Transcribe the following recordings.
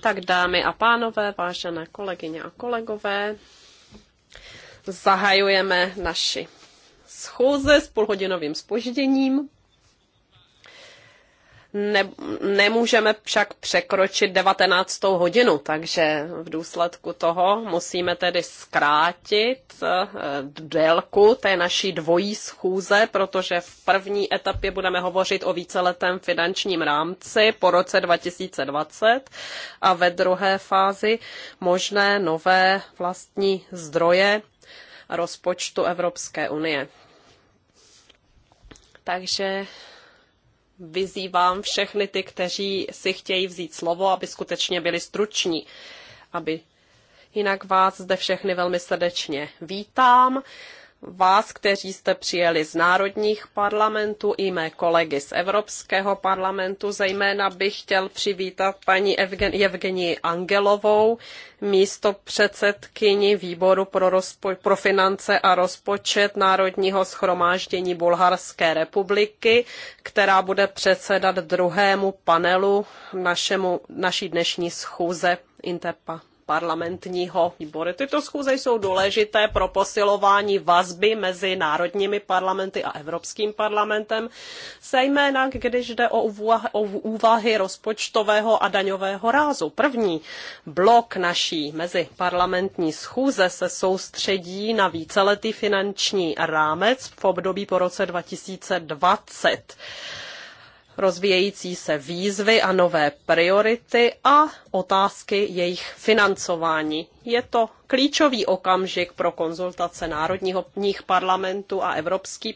Tak dámy a pánové, vážené kolegyně a kolegové, zahajujeme naši schůze s půlhodinovým spožděním ne, nemůžeme však překročit 19. hodinu, takže v důsledku toho musíme tedy zkrátit eh, délku té naší dvojí schůze, protože v první etapě budeme hovořit o víceletém finančním rámci po roce 2020 a ve druhé fázi možné nové vlastní zdroje rozpočtu Evropské unie. Takže vyzývám všechny ty, kteří si chtějí vzít slovo, aby skutečně byli struční, aby Jinak vás zde všechny velmi srdečně vítám vás, kteří jste přijeli z národních parlamentů, i mé kolegy z Evropského parlamentu. Zejména bych chtěl přivítat paní Evgen- Angelovou, místo předsedkyni výboru pro, rozpo- pro finance a rozpočet Národního schromáždění Bulharské republiky, která bude předsedat druhému panelu našemu, naší dnešní schůze Interpa parlamentního výboru. Tyto schůze jsou důležité pro posilování vazby mezi národními parlamenty a Evropským parlamentem, zejména když jde o úvahy rozpočtového a daňového rázu. První blok naší meziparlamentní schůze se soustředí na víceletý finanční rámec v období po roce 2020 rozvíjející se výzvy a nové priority a otázky jejich financování je to klíčový okamžik pro konzultace národního parlamentu a Evropského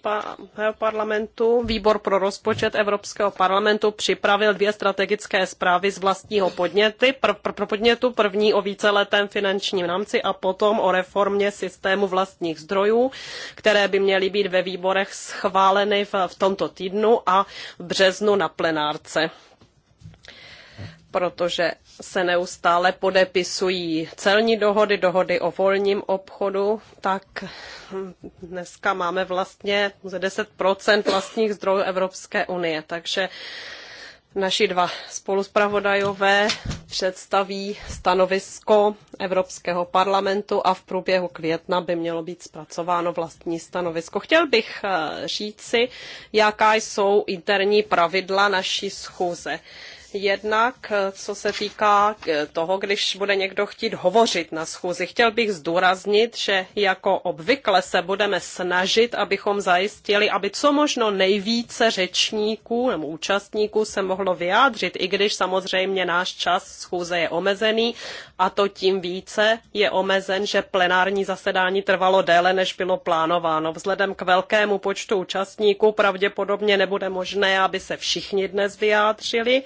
parlamentu. Výbor pro rozpočet Evropského parlamentu připravil dvě strategické zprávy z vlastního podněty, pr- pr- podnětu, první o víceletém finančním rámci a potom o reformě systému vlastních zdrojů, které by měly být ve výborech schváleny v, v tomto týdnu a v březnu na plenárce protože se neustále podepisují celní dohody, dohody o volním obchodu, tak dneska máme vlastně ze 10% vlastních zdrojů Evropské unie. Takže naši dva spoluspravodajové představí stanovisko Evropského parlamentu a v průběhu května by mělo být zpracováno vlastní stanovisko. Chtěl bych eh, říci, jaká jsou interní pravidla naší schůze. Jednak, co se týká eh, toho, když bude někdo chtít hovořit na schůzi, chtěl bych zdůraznit, že jako obvykle se budeme snažit, abychom zajistili, aby co možno nejvíce řečníků nebo účastníků se mohlo vyjádřit, i když samozřejmě náš čas schůze je omezený a to tím více je omezen, že plenární zasedání trvalo déle, než bylo plánováno. Vzhledem k velkému počtu účastníků pravděpodobně nebude možné, aby se všichni dnes vyjádřili,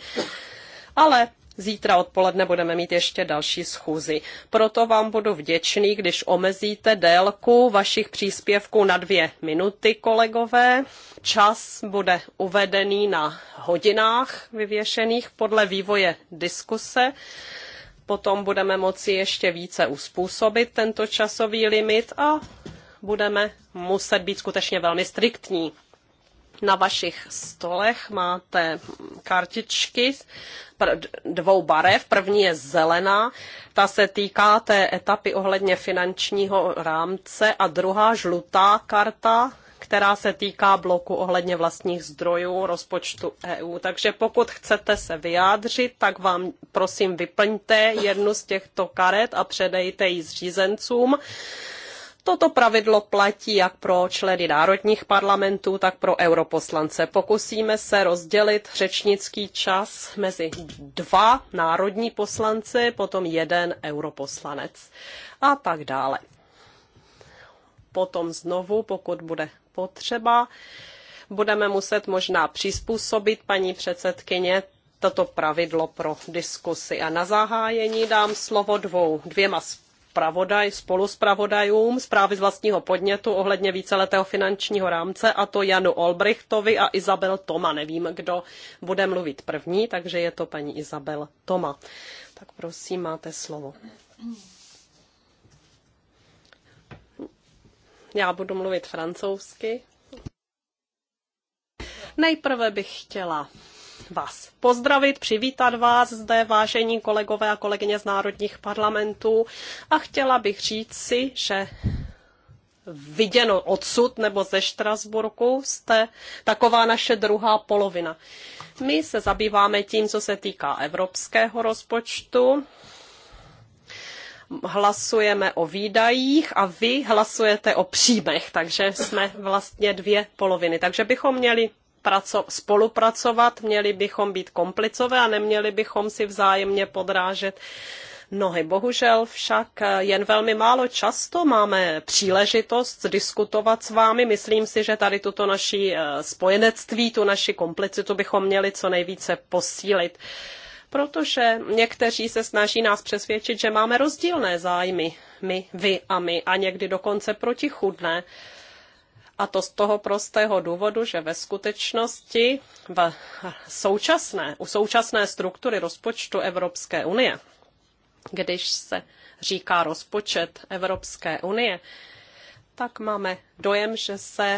ale Zítra odpoledne budeme mít ještě další schůzi. Proto vám budu vděčný, když omezíte délku vašich příspěvků na dvě minuty, kolegové. Čas bude uvedený na hodinách vyvěšených podle vývoje diskuse. Potom budeme moci ještě více uspůsobit tento časový limit a budeme muset být skutečně velmi striktní. Na vašich stolech máte kartičky dvou barev. První je zelená, ta se týká té etapy ohledně finančního rámce a druhá žlutá karta, která se týká bloku ohledně vlastních zdrojů rozpočtu EU. Takže pokud chcete se vyjádřit, tak vám prosím vyplňte jednu z těchto karet a předejte ji zřízencům Toto pravidlo platí jak pro členy národních parlamentů, tak pro europoslance. Pokusíme se rozdělit řečnický čas mezi dva národní poslance, potom jeden europoslanec a tak dále. Potom znovu, pokud bude potřeba, budeme muset možná přizpůsobit paní předsedkyně toto pravidlo pro diskusy. A na zahájení dám slovo dvou, dvěma zpravodaj, spoluzpravodajům zprávy z vlastního podnětu ohledně víceletého finančního rámce, a to Janu Olbrichtovi a Izabel Toma. Nevím, kdo bude mluvit první, takže je to paní Izabel Toma. Tak prosím, máte slovo. Já budu mluvit francouzsky. Nejprve bych chtěla vás pozdravit, přivítat vás zde, vážení kolegové a kolegyně z národních parlamentů. A chtěla bych říct si, že viděno odsud nebo ze Štrasburku jste taková naše druhá polovina. My se zabýváme tím, co se týká evropského rozpočtu, hlasujeme o výdajích a vy hlasujete o příjmech, takže jsme vlastně dvě poloviny. Takže bychom měli spolupracovat, měli bychom být komplicové a neměli bychom si vzájemně podrážet nohy. Bohužel však jen velmi málo často máme příležitost diskutovat s vámi. Myslím si, že tady tuto naší eh, spojenectví, tu naši komplicitu bychom měli co nejvíce posílit protože někteří se snaží nás přesvědčit, že máme rozdílné zájmy, my, vy a my, a někdy dokonce protichudné. A to z toho prostého důvodu, že ve skutečnosti v současné, u současné struktury rozpočtu Evropské unie, když se říká rozpočet Evropské unie, tak máme dojem, že se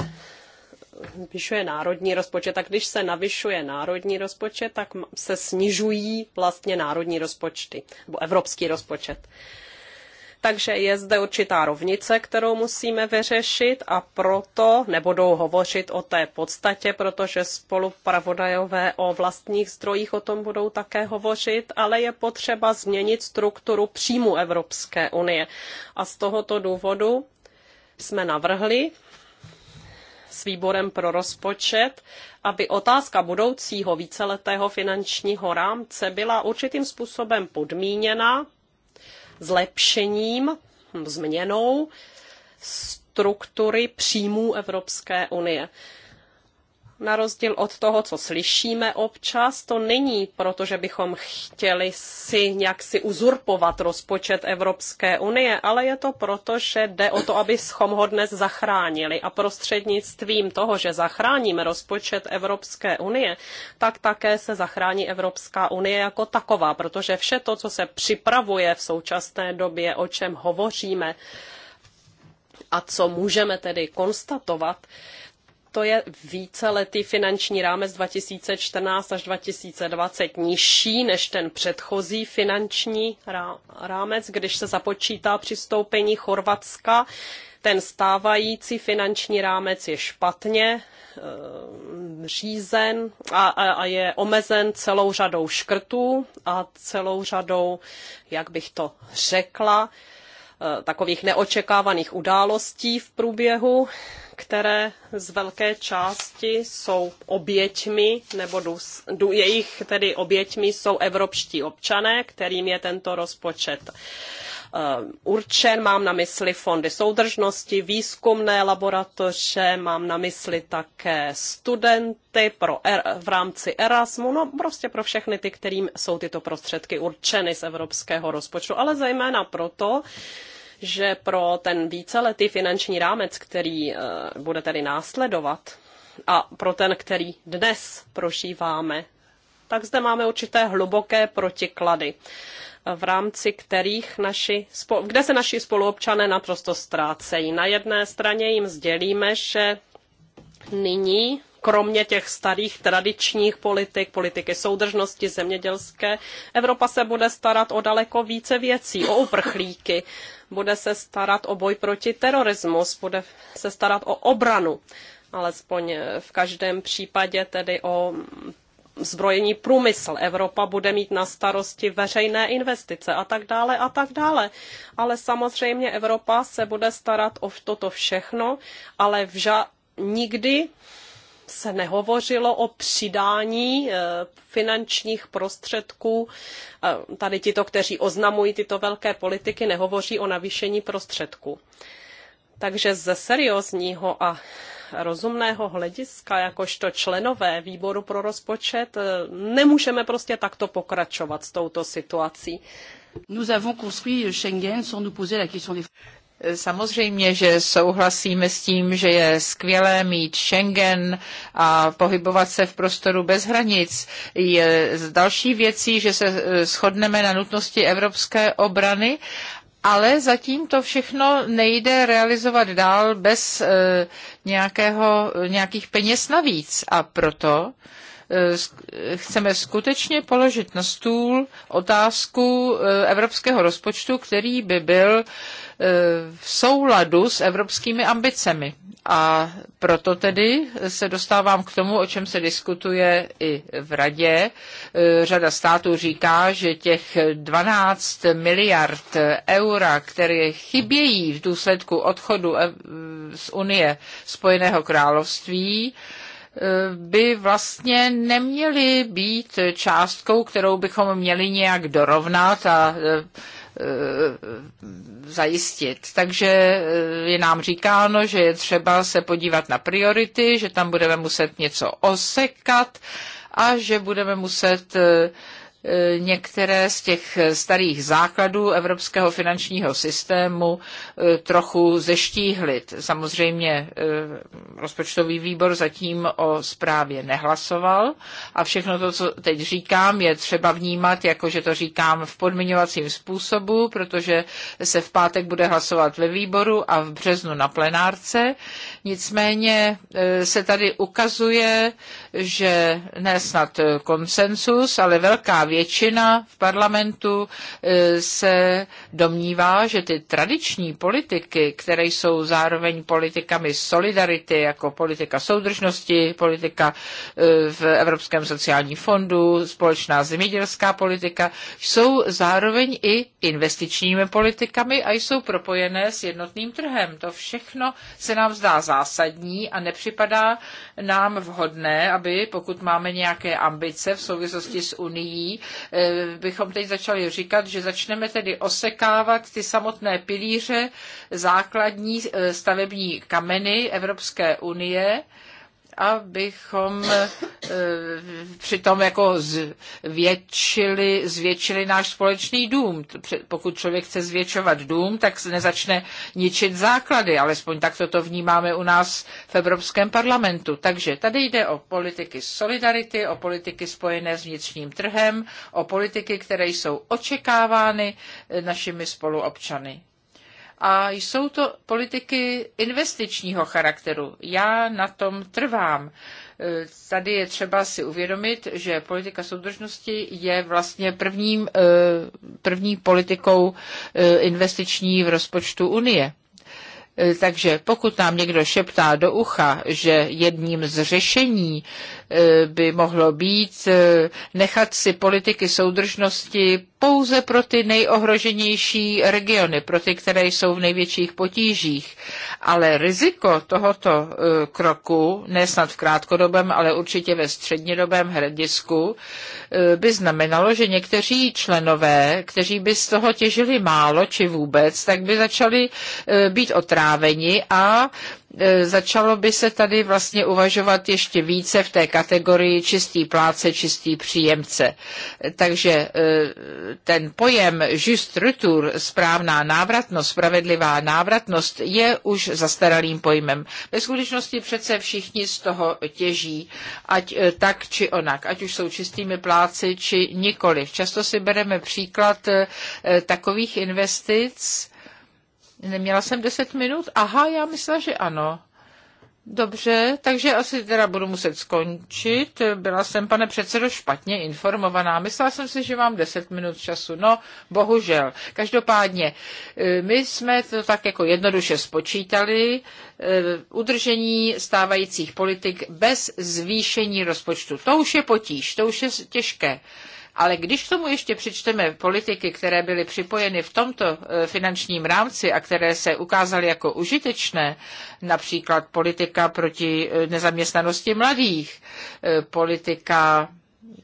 navyšuje národní rozpočet. A když se navyšuje národní rozpočet, tak se snižují vlastně národní rozpočty, nebo evropský rozpočet. Takže je zde určitá rovnice, kterou musíme vyřešit a proto nebudou hovořit o té podstatě, protože spolupravodajové o vlastních zdrojích o tom budou také hovořit, ale je potřeba změnit strukturu příjmu Evropské unie. A z tohoto důvodu jsme navrhli s výborem pro rozpočet, aby otázka budoucího víceletého finančního rámce byla určitým způsobem podmíněna zlepšením, změnou struktury příjmů Evropské unie na rozdíl od toho, co slyšíme občas, to není proto, že bychom chtěli si nějak si uzurpovat rozpočet Evropské unie, ale je to proto, že jde o to, abychom ho dnes zachránili. A prostřednictvím toho, že zachráníme rozpočet Evropské unie, tak také se zachrání Evropská unie jako taková, protože vše to, co se připravuje v současné době, o čem hovoříme, a co můžeme tedy konstatovat, to je víceletý finanční rámec 2014 až 2020 nižší než ten předchozí finanční rámec, když se započítá přistoupení Chorvatska. Ten stávající finanční rámec je špatně eh, řízen a, a, a je omezen celou řadou škrtů a celou řadou, jak bych to řekla, Eh, takových neočekávaných událostí v průběhu, které z velké části jsou oběťmi, nebo dus, du, jejich tedy oběťmi jsou evropští občané, kterým je tento rozpočet Eh, určen. Mám na mysli fondy soudržnosti, výzkumné laboratoře, mám na mysli také studenty pro er, v rámci Erasmu, no prostě pro všechny ty, kterým jsou tyto prostředky určeny z evropského rozpočtu, ale zejména proto, že pro ten víceletý finanční rámec, který eh, bude tedy následovat, a pro ten, který dnes prožíváme, tak zde máme určité hluboké protiklady v rámci kterých naši, kde se naši spoluobčané naprosto ztrácejí. Na jedné straně jim sdělíme, že nyní kromě těch starých tradičních politik, politiky soudržnosti zemědělské, Evropa se bude starat o daleko více věcí, o uprchlíky, bude se starat o boj proti terorismu, bude se starat o obranu, alespoň v každém případě tedy o zbrojení průmysl. Evropa bude mít na starosti veřejné investice a tak dále a tak dále. Ale samozřejmě Evropa se bude starat o toto všechno, ale vža- nikdy se nehovořilo o přidání eh, finančních prostředků. Eh, tady tito, kteří oznamují tyto velké politiky, nehovoří o navýšení prostředků. Takže ze seriózního a rozumného hlediska, jakožto členové výboru pro rozpočet, e, nemůžeme prostě takto pokračovat s touto situací. Nous avons construit Schengen sans nous poser la question des... Samozřejmě, že souhlasíme s tím, že je skvělé mít Schengen a pohybovat se v prostoru bez hranic. Je další věcí, že se e, shodneme na nutnosti evropské obrany ale zatím to všechno nejde realizovat dál bez eh, nějakého, nějakých peněz navíc. A proto Eh, chceme skutečně položit na stůl otázku eh, evropského rozpočtu, který by byl eh, v souladu s evropskými ambicemi. A proto tedy se dostávám k tomu, o čem se diskutuje i v radě. Řada států říká, že těch 12 miliard eura, které chybějí v důsledku odchodu z Unie Spojeného království, by vlastně neměly být částkou, kterou bychom měli nějak dorovnat a e, e, zajistit. Takže e, je nám říkáno, že je třeba se podívat na priority, že tam budeme muset něco osekat a že budeme muset uh, Eh, některé z těch starých základů evropského finančního systému eh, trochu zeštíhlit. Samozřejmě eh, rozpočtový výbor zatím o zprávě nehlasoval a všechno to, co teď říkám, je třeba vnímat, jako že to říkám v podmiňovacím způsobu, protože se v pátek bude hlasovat ve výboru a v březnu na plenárce. Nicméně se tady ukazuje, že ne snad konsensus, ale velká většina v parlamentu e, se domnívá, že ty tradiční politiky, které jsou zároveň politikami solidarity, jako politika soudržnosti, politika e, v Evropském sociálním fondu, společná zemědělská politika, jsou zároveň i investičními politikami a jsou propojené s jednotným trhem. To všechno se nám zdá zásadní a nepřipadá nám vhodné, aby pokud máme nějaké ambice v souvislosti s Unií, Eh, bychom teď začali říkat, že začneme tedy osekávat ty samotné pilíře, základní eh, stavební kameny Evropské unie, abychom eh, přitom jako zvětšili, zvětšili náš společný dům. Pokud člověk chce zvětšovat dům, tak se nezačne ničit základy, alespoň tak to vnímáme u nás v Evropském parlamentu. Takže tady jde o politiky solidarity, o politiky spojené s vnitřním trhem, o politiky, které jsou očekávány eh, našimi spoluobčany a jsou to politiky investičního charakteru. Já na tom trvám. E, tady je třeba si uvědomit, že politika soudržnosti je vlastně prvním, e, první politikou e, investiční v rozpočtu Unie. Takže pokud nám někdo šeptá do ucha, že jedním z řešení by mohlo být nechat si politiky soudržnosti pouze pro ty nejohroženější regiony, pro ty, které jsou v největších potížích. Ale riziko tohoto e, kroku, ne snad v krátkodobém, ale určitě ve střednědobém hledisku, e, by znamenalo, že někteří členové, kteří by z toho těžili málo či vůbec, tak by začali e, být otráveni a Eh, začalo by se tady vlastně uvažovat ještě více v té kategorii čistý pláce, čistý příjemce. Eh, takže eh, ten pojem just retour, správná návratnost, spravedlivá návratnost, je už zastaralým pojmem. Ve skutečnosti přece všichni z toho těží, ať tak či onak, ať už jsou čistými pláci či nikoliv. Často si bereme příklad takových investic, Neměla jsem deset minut? Aha, já myslela, že ano. Dobře, takže asi teda budu muset skončit. Byla jsem, pane předsedo, špatně informovaná. Myslela jsem si, že mám deset minut času. No, bohužel. Každopádně, eh, my jsme to tak jako jednoduše spočítali. Eh, udržení stávajících politik bez zvýšení rozpočtu. To už je potíž, to už je těžké. Ale když k tomu ještě přičteme politiky, které byly připojeny v tomto e, finančním rámci a které se ukázaly jako užitečné, například politika proti e, nezaměstnanosti mladých, e, politika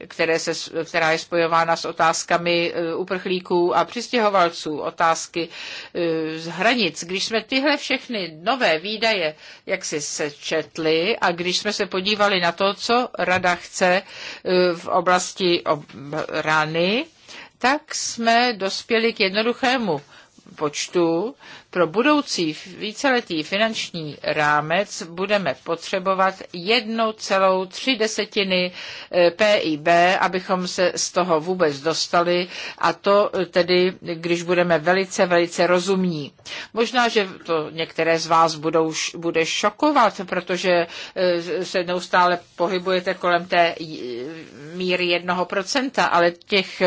které se, která je spojována s otázkami eh, uprchlíků a přistěhovalců, otázky eh, z hranic. Když jsme tyhle všechny nové výdaje jak si sečetli a když jsme se podívali na to, co rada chce eh, v oblasti rany, tak jsme dospěli k jednoduchému počtu, pro budoucí víceletý finanční rámec budeme potřebovat celou tři desetiny eh, PIB, abychom se z toho vůbec dostali a to eh, tedy, když budeme velice, velice rozumní. Možná, že to některé z vás budou, bude šokovat, protože eh, se neustále pohybujete kolem té míry jednoho procenta, ale těch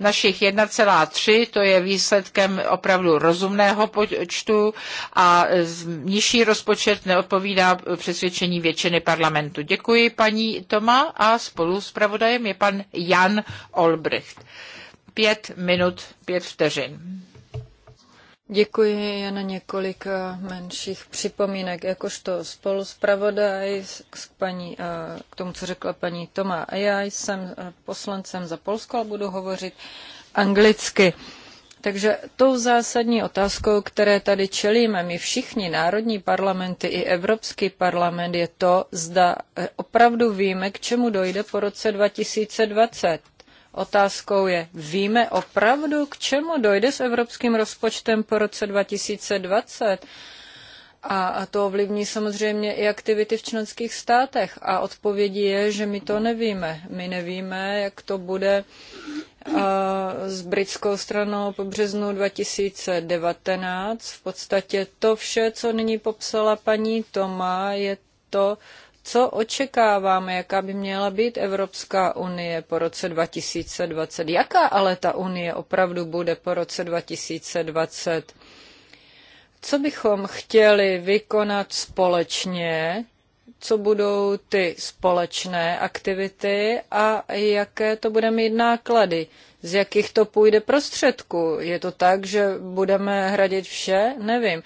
našich 1,3 to je výsledkem opravdu rozumného rozpočtu a nižší rozpočet neodpovídá přesvědčení většiny parlamentu. Děkuji paní Toma a spolu s pravodajem je pan Jan Olbricht. Pět minut, pět vteřin. Děkuji jen na několik eh, menších připomínek, jakožto spolu s pravodaj k, paní, eh, k tomu, co řekla paní Toma. A já jsem eh, poslancem za Polsko a budu hovořit anglicky. Takže tou zásadní otázkou, které tady čelíme my všichni, národní parlamenty i Evropský parlament, je to, zda eh, opravdu víme, k čemu dojde po roce 2020. Otázkou je, víme opravdu, k čemu dojde s evropským rozpočtem po roce 2020? A to ovlivní samozřejmě i aktivity v členských státech. A odpovědí je, že my to nevíme. My nevíme, jak to bude s britskou stranou po březnu 2019. V podstatě to vše, co nyní popsala paní Toma, je to, co očekáváme, jaká by měla být Evropská unie po roce 2020. Jaká ale ta unie opravdu bude po roce 2020? Co bychom chtěli vykonat společně, co budou ty společné aktivity a jaké to bude mít náklady, z jakých to půjde prostředků. Je to tak, že budeme hradit vše? Nevím.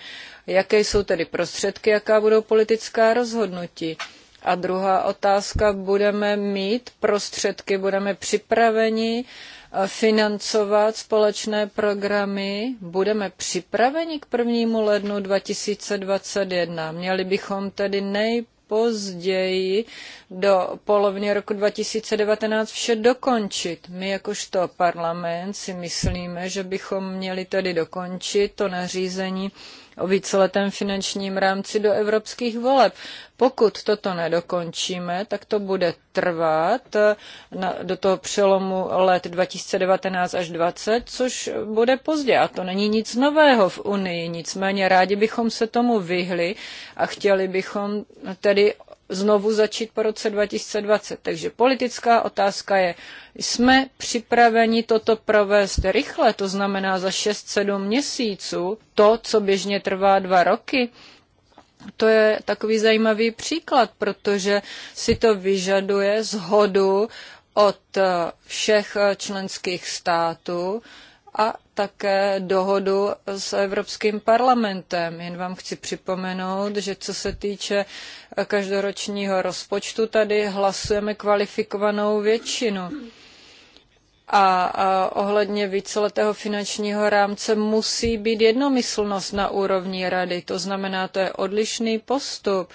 Jaké jsou tedy prostředky, jaká budou politická rozhodnutí? A druhá otázka, budeme mít prostředky, budeme připraveni eh, financovat společné programy, budeme připraveni k prvnímu lednu 2021. Měli bychom tedy nejprve nejpozději do poloviny roku 2019 vše dokončit. My jakožto parlament si myslíme, že bychom měli tedy dokončit to nařízení o víceletém finančním rámci do evropských voleb. Pokud toto nedokončíme, tak to bude trvat eh, na, do toho přelomu let 2019 až 2020, což bude pozdě. A to není nic nového v Unii. Nicméně rádi bychom se tomu vyhli a chtěli bychom tedy znovu začít po roce 2020. Takže politická otázka je, jsme připraveni toto provést rychle, to znamená za 6-7 měsíců, to, co běžně trvá dva roky, to je takový zajímavý příklad, protože si to vyžaduje zhodu od eh, všech eh, členských států a také dohodu s Evropským parlamentem. Jen vám chci připomenout, že co se týče každoročního rozpočtu, tady hlasujeme kvalifikovanou většinu. A, a ohledně víceletého finančního rámce musí být jednomyslnost na úrovni rady. To znamená, to je odlišný postup.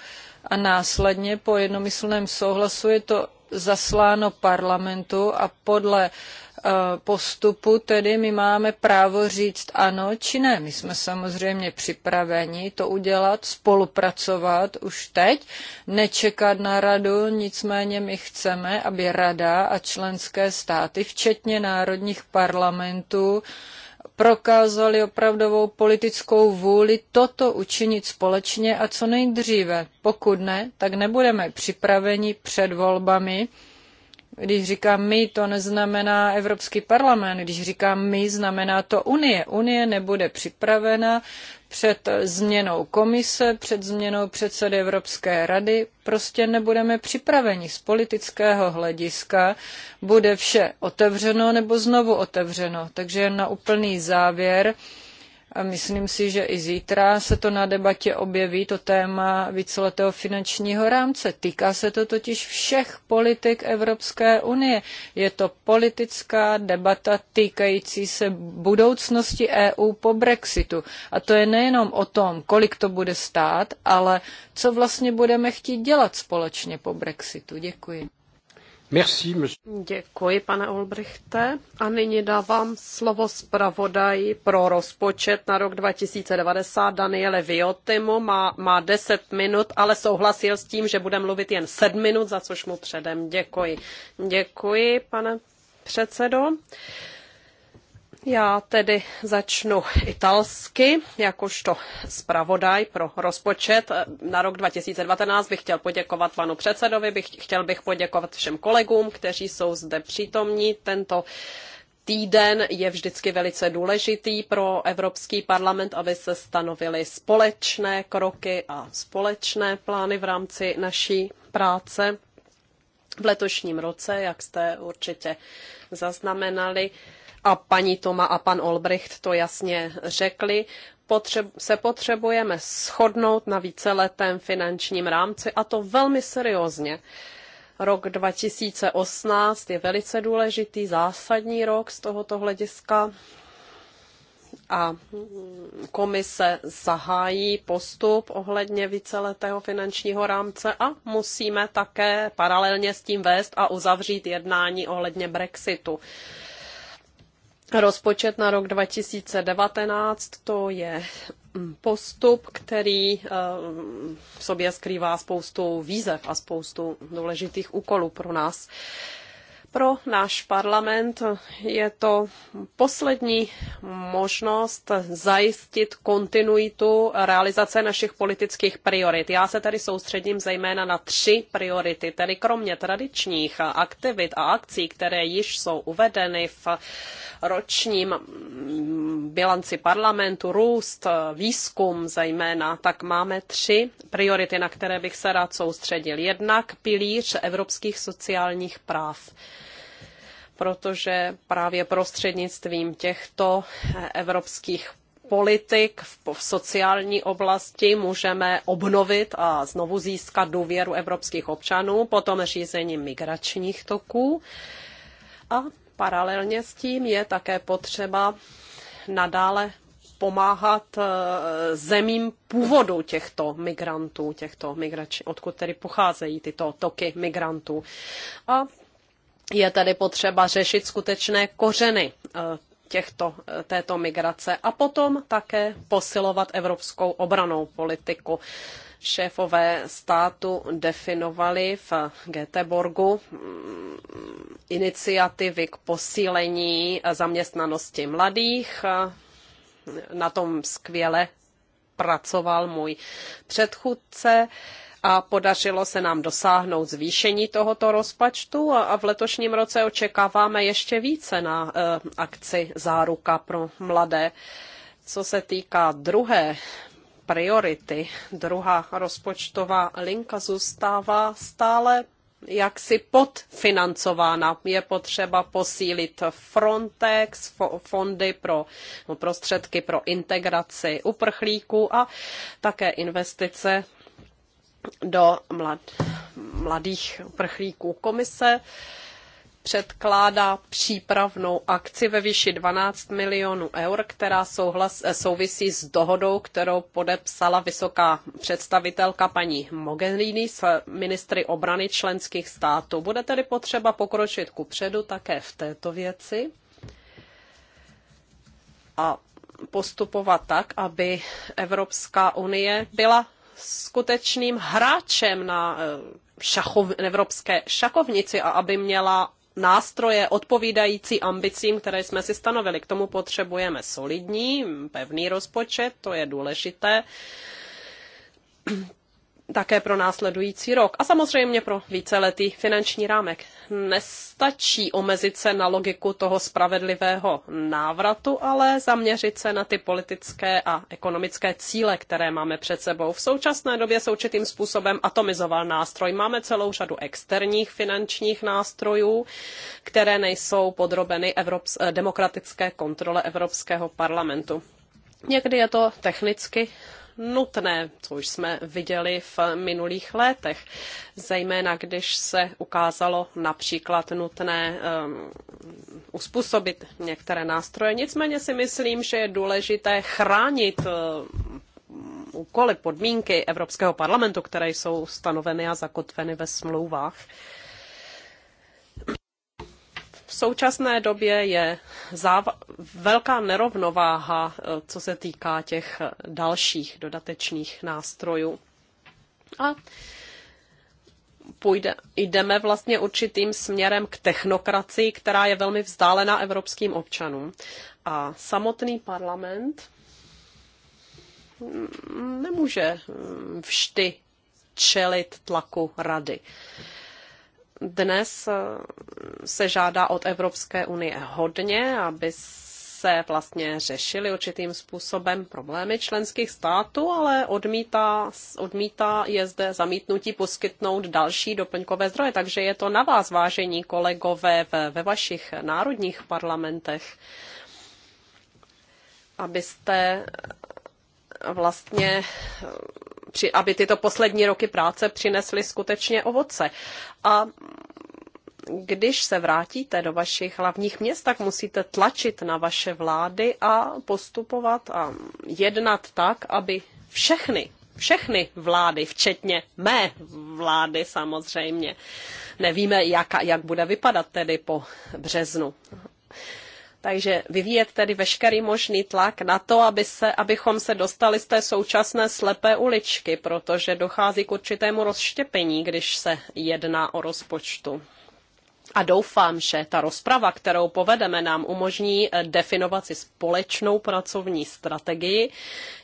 A následně po jednomyslném souhlasu je to zasláno parlamentu a podle uh, Eh, postupu, tedy my máme právo říct ano či ne. My jsme samozřejmě připraveni to udělat, spolupracovat už teď, nečekat na radu, nicméně my chceme, aby rada a členské státy, včetně národních parlamentů, prokázali opravdovou politickou vůli toto učinit společně a co nejdříve. Pokud ne, tak nebudeme připraveni před volbami když říkám my, to neznamená Evropský parlament. Když říkám my, znamená to Unie. Unie nebude připravena před změnou komise, před změnou předsedy Evropské rady. Prostě nebudeme připraveni z politického hlediska. Bude vše otevřeno nebo znovu otevřeno. Takže na úplný závěr. Myslím si, že i zítra se to na debatě objeví, to téma víceletého finančního rámce. Týká se to totiž všech politik Evropské unie. Je to politická debata týkající se budoucnosti EU po Brexitu. A to je nejenom o tom, kolik to bude stát, ale co vlastně budeme chtít dělat společně po Brexitu. Děkuji. Děkuji, pane Olbrichte. A nyní dávám slovo zpravodaji pro rozpočet na rok 2090 Daniele Viotimu. Má, má 10 minut, ale souhlasil s tím, že bude mluvit jen 7 minut, za což mu předem děkuji. Děkuji, pane předsedo. Uh, já tedy začnu italsky, jakožto zpravodaj pro rozpočet na rok 2019 bych chtěl poděkovat panu předsedovi, bych, chtěl bych poděkovat všem kolegům, kteří jsou zde přítomní. Tento týden je vždycky velice důležitý pro Evropský parlament, aby se stanovily společné kroky a společné plány v rámci naší práce. V letošním roce, jak jste určitě zaznamenali, a paní Toma a pan Olbricht to jasně řekli, potře- se potřebujeme shodnout na víceletém finančním rámci a to velmi seriózně. Rok 2018 je velice důležitý, zásadní rok z tohoto hlediska a komise zahájí postup ohledně víceletého finančního rámce a musíme také paralelně s tím vést a uzavřít jednání ohledně Brexitu. Rozpočet na rok 2019 to je mm, postup, který eh, v sobě skrývá spoustu výzev a spoustu důležitých úkolů pro nás. Pro náš parlament je to poslední možnost zajistit kontinuitu realizace našich politických priorit. Já se tady soustředím zejména na tři priority, tedy kromě tradičních aktivit a akcí, které již jsou uvedeny v ročním bilanci parlamentu, růst, výzkum zejména, tak máme tři priority, na které bych se rád soustředil. Jednak pilíř evropských sociálních práv protože právě prostřednictvím těchto evropských politik v, sociální oblasti můžeme obnovit a znovu získat důvěru evropských občanů, potom řízení migračních toků. A paralelně s tím je také potřeba nadále pomáhat e, zemím původu těchto migrantů, těchto migračních, odkud tedy pocházejí tyto toky migrantů. A je tedy potřeba řešit skutečné kořeny eh, těchto, eh, této migrace a potom také posilovat evropskou obranou politiku. Šéfové státu definovali v Göteborgu mm, iniciativy k posílení eh, zaměstnanosti mladých. Na tom skvěle pracoval můj předchůdce a podařilo se nám dosáhnout zvýšení tohoto rozpočtu a v letošním roce očekáváme ještě více na eh, akci Záruka pro mladé. Co se týká druhé priority, druhá rozpočtová linka zůstává stále jaksi podfinancována. Je potřeba posílit Frontex, fondy pro no, prostředky pro integraci uprchlíků a také investice do mlad, mladých prchlíků. Komise předkládá přípravnou akci ve výši 12 milionů eur, která souhlas, eh, souvisí s dohodou, kterou podepsala vysoká představitelka paní Mogherini s ministry obrany členských států. Bude tedy potřeba pokročit kupředu také v této věci a postupovat tak, aby Evropská unie byla skutečným hráčem na eh, šachov, evropské šachovnici a aby měla nástroje odpovídající ambicím, které jsme si stanovili. K tomu potřebujeme solidní, pevný rozpočet, to je důležité také pro následující rok a samozřejmě pro víceletý finanční rámek. Nestačí omezit se na logiku toho spravedlivého návratu, ale zaměřit se na ty politické a ekonomické cíle, které máme před sebou. V současné době se určitým způsobem atomizoval nástroj. Máme celou řadu externích finančních nástrojů, které nejsou podrobeny Evrops- eh, demokratické kontrole Evropského parlamentu. Někdy je to technicky nutné, co už jsme viděli v minulých letech, zejména když se ukázalo například nutné um, uspůsobit některé nástroje. Nicméně si myslím, že je důležité chránit um, úkoly, podmínky Evropského parlamentu, které jsou stanoveny a zakotveny ve smlouvách. V současné době je záv- velká nerovnováha, eh, co se týká těch eh, dalších dodatečných nástrojů. A půjde, jdeme vlastně určitým směrem k technokracii, která je velmi vzdálená evropským občanům. A samotný parlament mm, nemůže mm, vždy čelit tlaku rady. Uh, dnes eh, se žádá od Evropské unie hodně, aby se vlastně řešily určitým způsobem problémy členských států, ale odmítá, odmítá je zde zamítnutí poskytnout další doplňkové zdroje. Takže je to na vás, vážení kolegové, ve, ve vašich národních parlamentech, abyste vlastně aby tyto poslední roky práce přinesly skutečně ovoce. A když se vrátíte do vašich hlavních měst, tak musíte tlačit na vaše vlády a postupovat a jednat tak, aby všechny, všechny vlády, včetně mé vlády samozřejmě, nevíme, jak, jak bude vypadat tedy po březnu takže vyvíjet tedy veškerý možný tlak na to, aby se, abychom se dostali z té současné slepé uličky, protože dochází k určitému rozštěpení, když se jedná o rozpočtu a doufám, že ta rozprava, kterou povedeme, nám umožní eh, definovat si společnou pracovní strategii.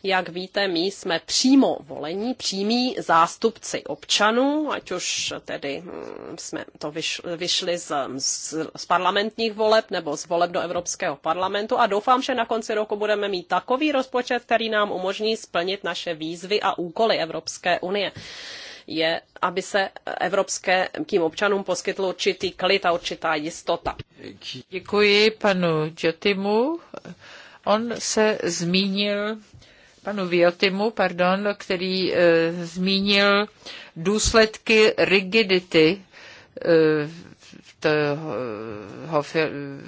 Jak víte, my jsme přímo volení, přímí zástupci občanů, ať už tedy hm, jsme to vyšli z, z, z parlamentních voleb nebo z voleb do Evropského parlamentu a doufám, že na konci roku budeme mít takový rozpočet, který nám umožní splnit naše výzvy a úkoly Evropské unie je, aby se evropským občanům poskytl určitý klid a určitá jistota. Děkuji panu Jotimu. On se zmínil panu Viotimu, pardon, který e, zmínil důsledky rigidity e,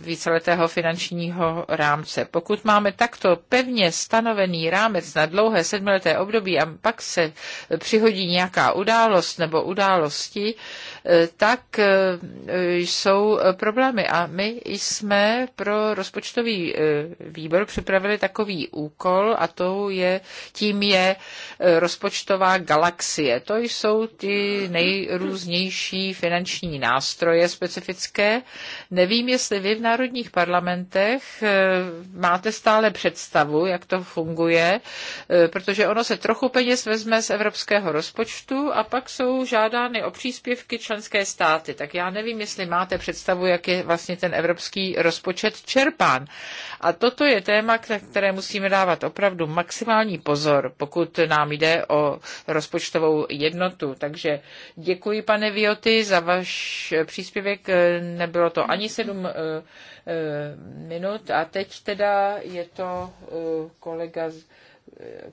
víceletého finančního rámce. Pokud máme takto pevně stanovený rámec na dlouhé sedmileté období a pak se přihodí nějaká událost nebo události, tak eh, jsou problémy. A my jsme pro rozpočtový eh, výbor připravili takový úkol a to je, tím je eh, rozpočtová galaxie. To jsou ty nejrůznější finanční nástroje specifické. Nevím, jestli vy v národních parlamentech máte stále představu, jak to funguje, protože ono se trochu peněz vezme z evropského rozpočtu a pak jsou žádány o příspěvky členů členské státy, tak já nevím, jestli máte představu, jak je vlastně ten evropský rozpočet čerpán. A toto je téma, které musíme dávat opravdu maximální pozor, pokud nám jde o rozpočtovou jednotu. Takže děkuji, pane Vioty, za váš eh, příspěvek. Eh, nebylo to ani sedm eh, minut. A teď teda je to kolega z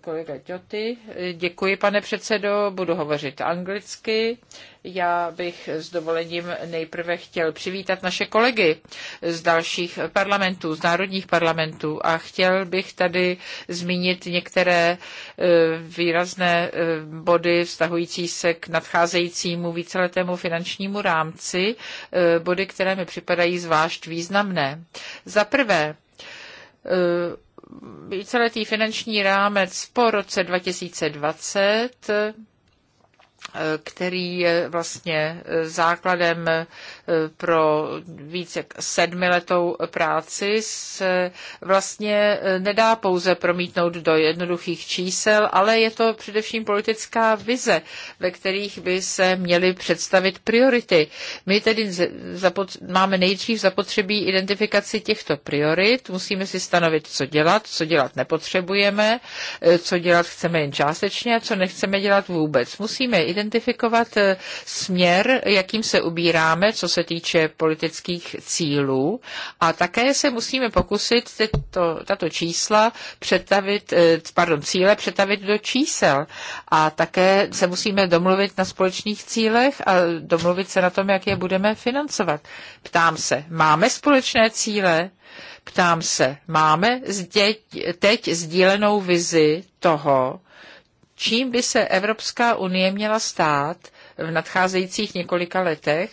kolega Doty. Děkuji, pane předsedo, budu hovořit anglicky. Já bych s dovolením nejprve chtěl přivítat naše kolegy z dalších parlamentů, z národních parlamentů a chtěl bych tady zmínit některé e, výrazné e, body vztahující se k nadcházejícímu víceletému finančnímu rámci, e, body, které mi připadají zvlášť významné. Za prvé, víceletý finanční rámec po roce 2020 který je vlastně základem eh, pro více jak sedmiletou práci, se vlastně eh, nedá pouze promítnout do jednoduchých čísel, ale je to především politická vize, ve kterých by se měly představit priority. My tedy máme nejdřív zapotřebí identifikaci těchto priorit, musíme si stanovit, co dělat, co dělat nepotřebujeme, eh, co dělat chceme jen částečně a co nechceme dělat vůbec. Musíme identifikovat eh, směr, jakým se ubíráme, co se týče politických cílů a také se musíme pokusit tyto, tato čísla přetavit, eh, pardon, cíle přetavit do čísel a také se musíme domluvit na společných cílech a domluvit se na tom, jak je budeme financovat. Ptám se, máme společné cíle? Ptám se, máme teď sdílenou vizi toho, čím by se Evropská unie měla stát v nadcházejících několika letech,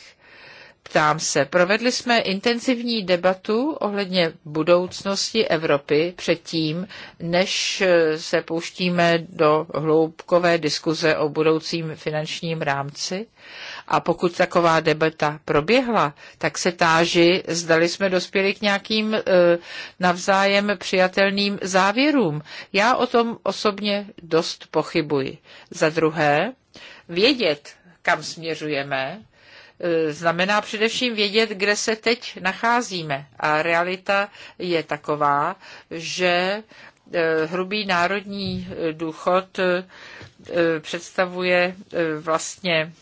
Ptám se, provedli jsme intenzivní debatu ohledně budoucnosti Evropy předtím, než se pouštíme do hloubkové diskuze o budoucím finančním rámci. A pokud taková debata proběhla, tak se táži, zdali jsme dospěli k nějakým e, navzájem přijatelným závěrům. Já o tom osobně dost pochybuji. Za druhé, vědět, kam směřujeme, e, znamená především vědět, kde se teď nacházíme. A realita je taková, že Eh, hrubý národní eh, důchod eh, představuje vlastně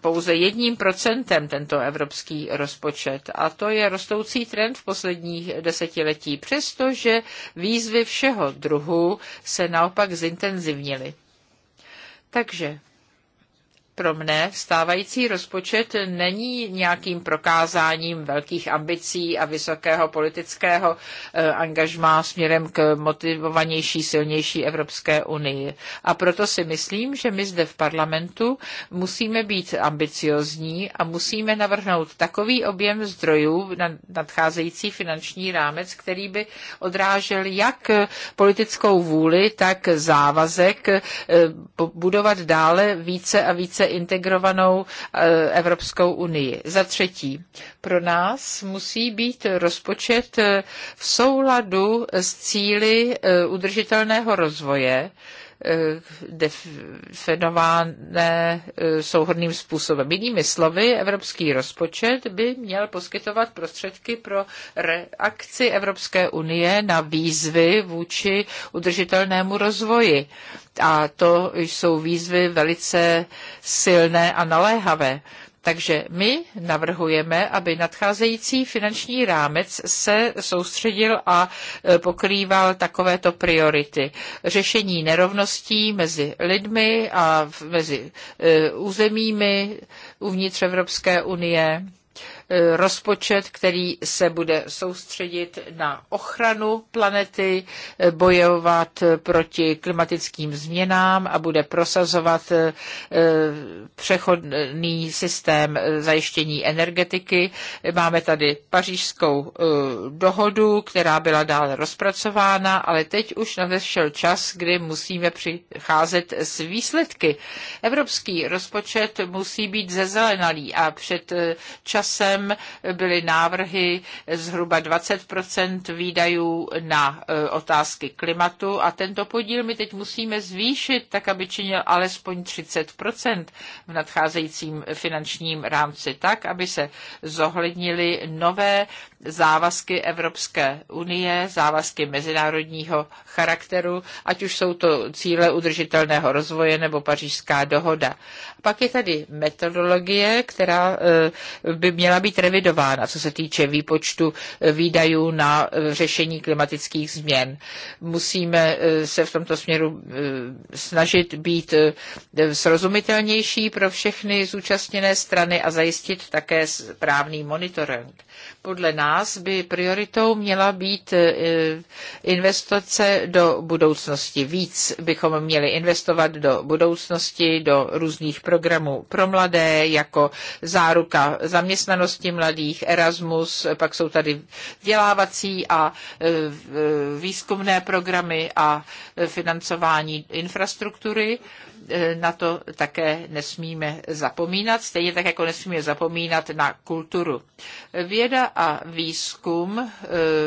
pouze jedním procentem tento evropský rozpočet. A to je rostoucí trend v posledních desetiletí, přestože výzvy všeho druhu se naopak zintenzivnily. Takže pro mne stávající rozpočet není nějakým prokázáním velkých ambicí a vysokého politického eh, angažmá směrem k motivovanější, silnější Evropské unii. A proto si myslím, že my zde v parlamentu musíme být ambiciozní a musíme navrhnout takový objem zdrojů na nadcházející finanční rámec, který by odrážel jak politickou vůli, tak závazek eh, budovat dále více a více integrovanou eh, Evropskou unii. Za třetí, pro nás musí být rozpočet eh, v souladu s cíly eh, udržitelného rozvoje, Eh, definované eh, souhodným způsobem. Jinými slovy, evropský rozpočet by měl poskytovat prostředky pro reakci Evropské unie na výzvy vůči udržitelnému rozvoji. A to jsou výzvy velice silné a naléhavé. Takže my navrhujeme, aby nadcházející finanční rámec se soustředil a e, pokrýval takovéto priority. Řešení nerovností mezi lidmi a mezi e, územími uvnitř Evropské unie, E, rozpočet, který se bude soustředit na ochranu planety, e, bojovat proti klimatickým změnám a bude prosazovat e, přechodný systém zajištění energetiky. Máme tady pařížskou dohodu, která byla dále rozpracována, ale teď už nadešel čas, kdy musíme přicházet s výsledky. Evropský rozpočet musí být zezelenalý a před časem časem byly návrhy zhruba 20 výdajů na e, otázky klimatu a tento podíl my teď musíme zvýšit, tak aby činil alespoň 30 v nadcházejícím finančním rámci, tak aby se zohlednili nové závazky Evropské unie, závazky mezinárodního charakteru, ať už jsou to cíle udržitelného rozvoje nebo pařížská dohoda. Pak je tady metodologie, která e, by měla být revidována, co se týče výpočtu e, výdajů na e, řešení klimatických změn. Musíme se v tomto směru snažit být srozumitelnější pro všechny zúčastněné strany a zajistit také správný monitoring. Podle nás nás by prioritou měla být e, investice do budoucnosti. Víc bychom měli investovat do budoucnosti, do různých programů pro mladé, jako záruka zaměstnanosti mladých, Erasmus, pak jsou tady vzdělávací a e, e, výzkumné programy a financování infrastruktury E, na to také nesmíme zapomínat, stejně tak jako nesmíme zapomínat na kulturu. Věda a výzkum e,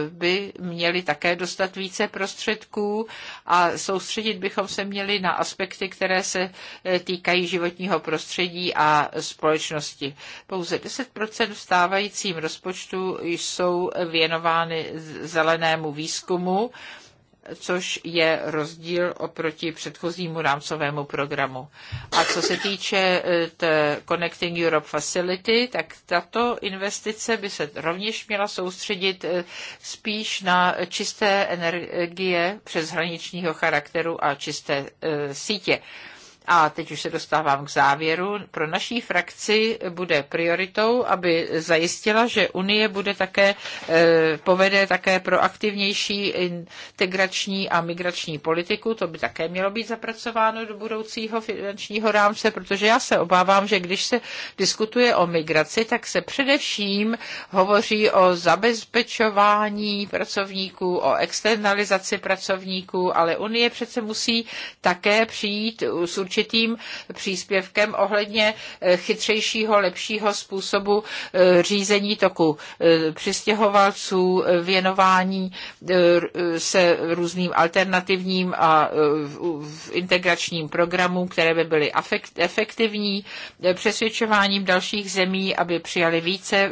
by měly také dostat více prostředků a soustředit bychom se měli na aspekty, které se e, týkají životního prostředí a společnosti. Pouze 10% v stávajícím rozpočtu jsou věnovány zelenému výzkumu což je rozdíl oproti předchozímu rámcovému programu. A co se týče eh, Connecting Europe Facility, tak tato investice by se rovněž měla soustředit eh, spíš na čisté energie přeshraničního charakteru a čisté eh, sítě. A teď už se dostávám k závěru. Pro naší frakci bude prioritou, aby zajistila, že Unie bude také, eh, povede také proaktivnější integrační a migrační politiku. To by také mělo být zapracováno do budoucího finančního rámce, protože já se obávám, že když se diskutuje o migraci, tak se především hovoří o zabezpečování pracovníků, o externalizaci pracovníků, ale Unie přece musí také přijít s určitým příspěvkem ohledně eh, chytřejšího, lepšího způsobu eh, řízení toku eh, přistěhovalců, věnování se různým alternativním a integračním programům, které by byly efektivní, přesvědčováním dalších zemí, aby přijali více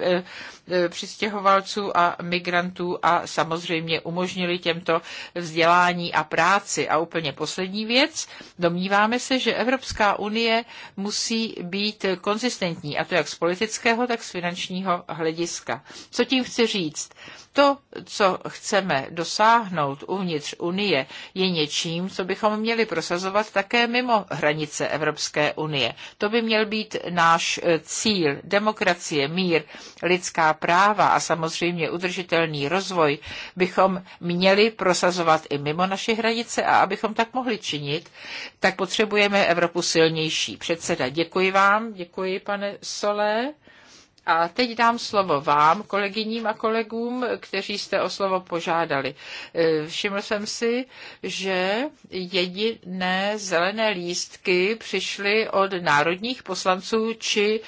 Eh, přistěhovalců a migrantů a samozřejmě umožnili těmto vzdělání a práci. A úplně poslední věc, domníváme se, že Evropská unie musí být konzistentní, a to jak z politického, tak z finančního hlediska. Co tím chci říct? To, co chceme dosáhnout uvnitř Unie, je něčím, co bychom měli prosazovat také mimo hranice Evropské unie. To by měl být náš eh, cíl. Demokracie, mír, lidská práva a samozřejmě udržitelný rozvoj bychom měli prosazovat i mimo naše hranice a abychom tak mohli činit, tak potřebujeme Evropu silnější. Předseda, děkuji vám, děkuji pane Solé. A teď dám slovo vám, kolegyním a kolegům, kteří jste o slovo požádali. E, všiml jsem si, že jediné zelené lístky přišly od národních poslanců či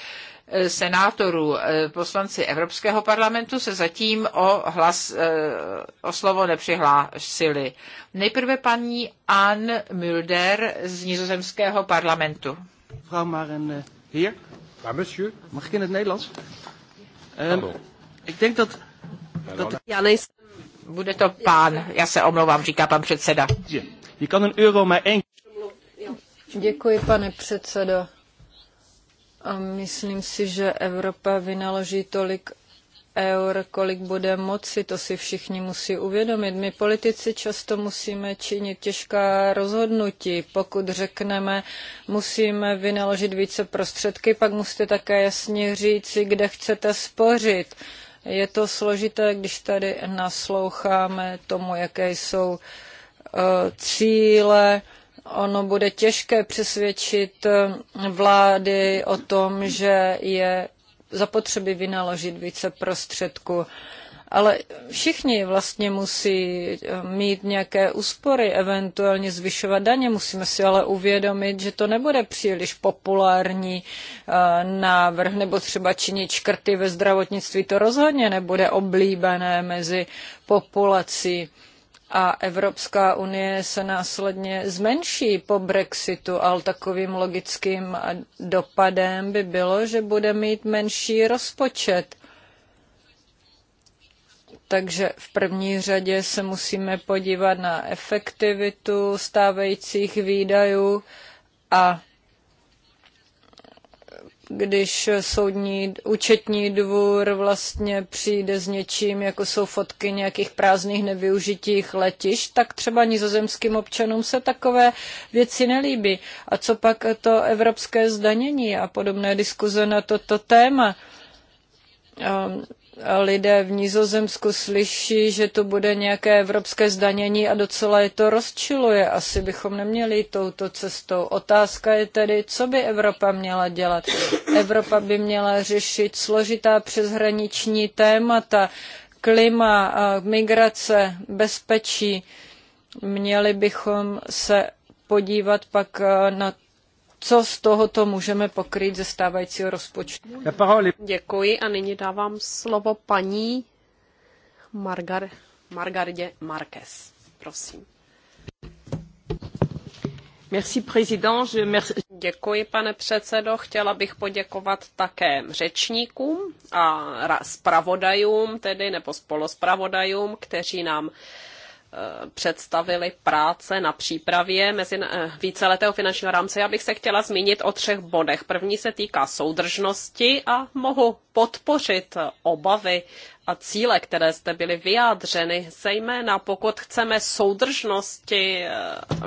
Eh, senátorů eh, poslanci Evropského parlamentu se zatím o, hlas, eh, o slovo nepřihlásili. Nejprve paní Anne Mulder z nizozemského parlamentu. Frau Maren hier? Ja, monsieur. Mag ik in het Nederlands? ik denk dat... dat... Ja, nejsem... Bude to pán, já se omlouvám, říká pan předseda. Je kan een euro maar één... Děkuji, pane předsedo. A myslím si, že Evropa vynaloží tolik eur, kolik bude moci, to si všichni musí uvědomit. My politici často musíme činit těžká rozhodnutí. Pokud řekneme, musíme vynaložit více prostředky, pak musíte také jasně říci, kde chcete spořit. Je to složité, když tady nasloucháme tomu, jaké jsou eh, cíle, Ono bude těžké přesvědčit eh, vlády o tom, že je zapotřebí vynaložit více prostředků. Ale všichni vlastně musí eh, mít nějaké úspory, eventuálně zvyšovat daně. Musíme si ale uvědomit, že to nebude příliš populární eh, návrh, nebo třeba činit škrty ve zdravotnictví. To rozhodně nebude oblíbené mezi populací a Evropská unie se následně zmenší po Brexitu, ale takovým logickým dopadem by bylo, že bude mít menší rozpočet. Takže v první řadě se musíme podívat na efektivitu stávajících výdajů a když soudní účetní dvůr vlastně přijde s něčím, jako jsou fotky nějakých prázdných nevyužitých letiš, tak třeba nizozemským občanům se takové věci nelíbí. A co pak to evropské zdanění a podobné diskuze na toto téma? Um, lidé v Nizozemsku slyší, že to bude nějaké evropské zdanění a docela je to rozčiluje. Asi bychom neměli jít touto cestou. Otázka je tedy, co by Evropa měla dělat. Evropa by měla řešit složitá přeshraniční témata, klima, migrace, bezpečí. Měli bychom se podívat pak na co z tohoto můžeme pokryt ze stávajícího rozpočtu. Děkuji a nyní dávám slovo paní Margar, Margardě Marquez. Prosím. Děkuji, pane předsedo. Chtěla bych poděkovat také řečníkům a zpravodajům, tedy nebo spolospravodajům, kteří nám představili práce na přípravě mezi eh, víceletého finančního rámce. Já bych se chtěla zmínit o třech bodech. První se týká soudržnosti a mohu podpořit obavy a cíle, které jste byly vyjádřeny, zejména pokud chceme soudržnosti eh,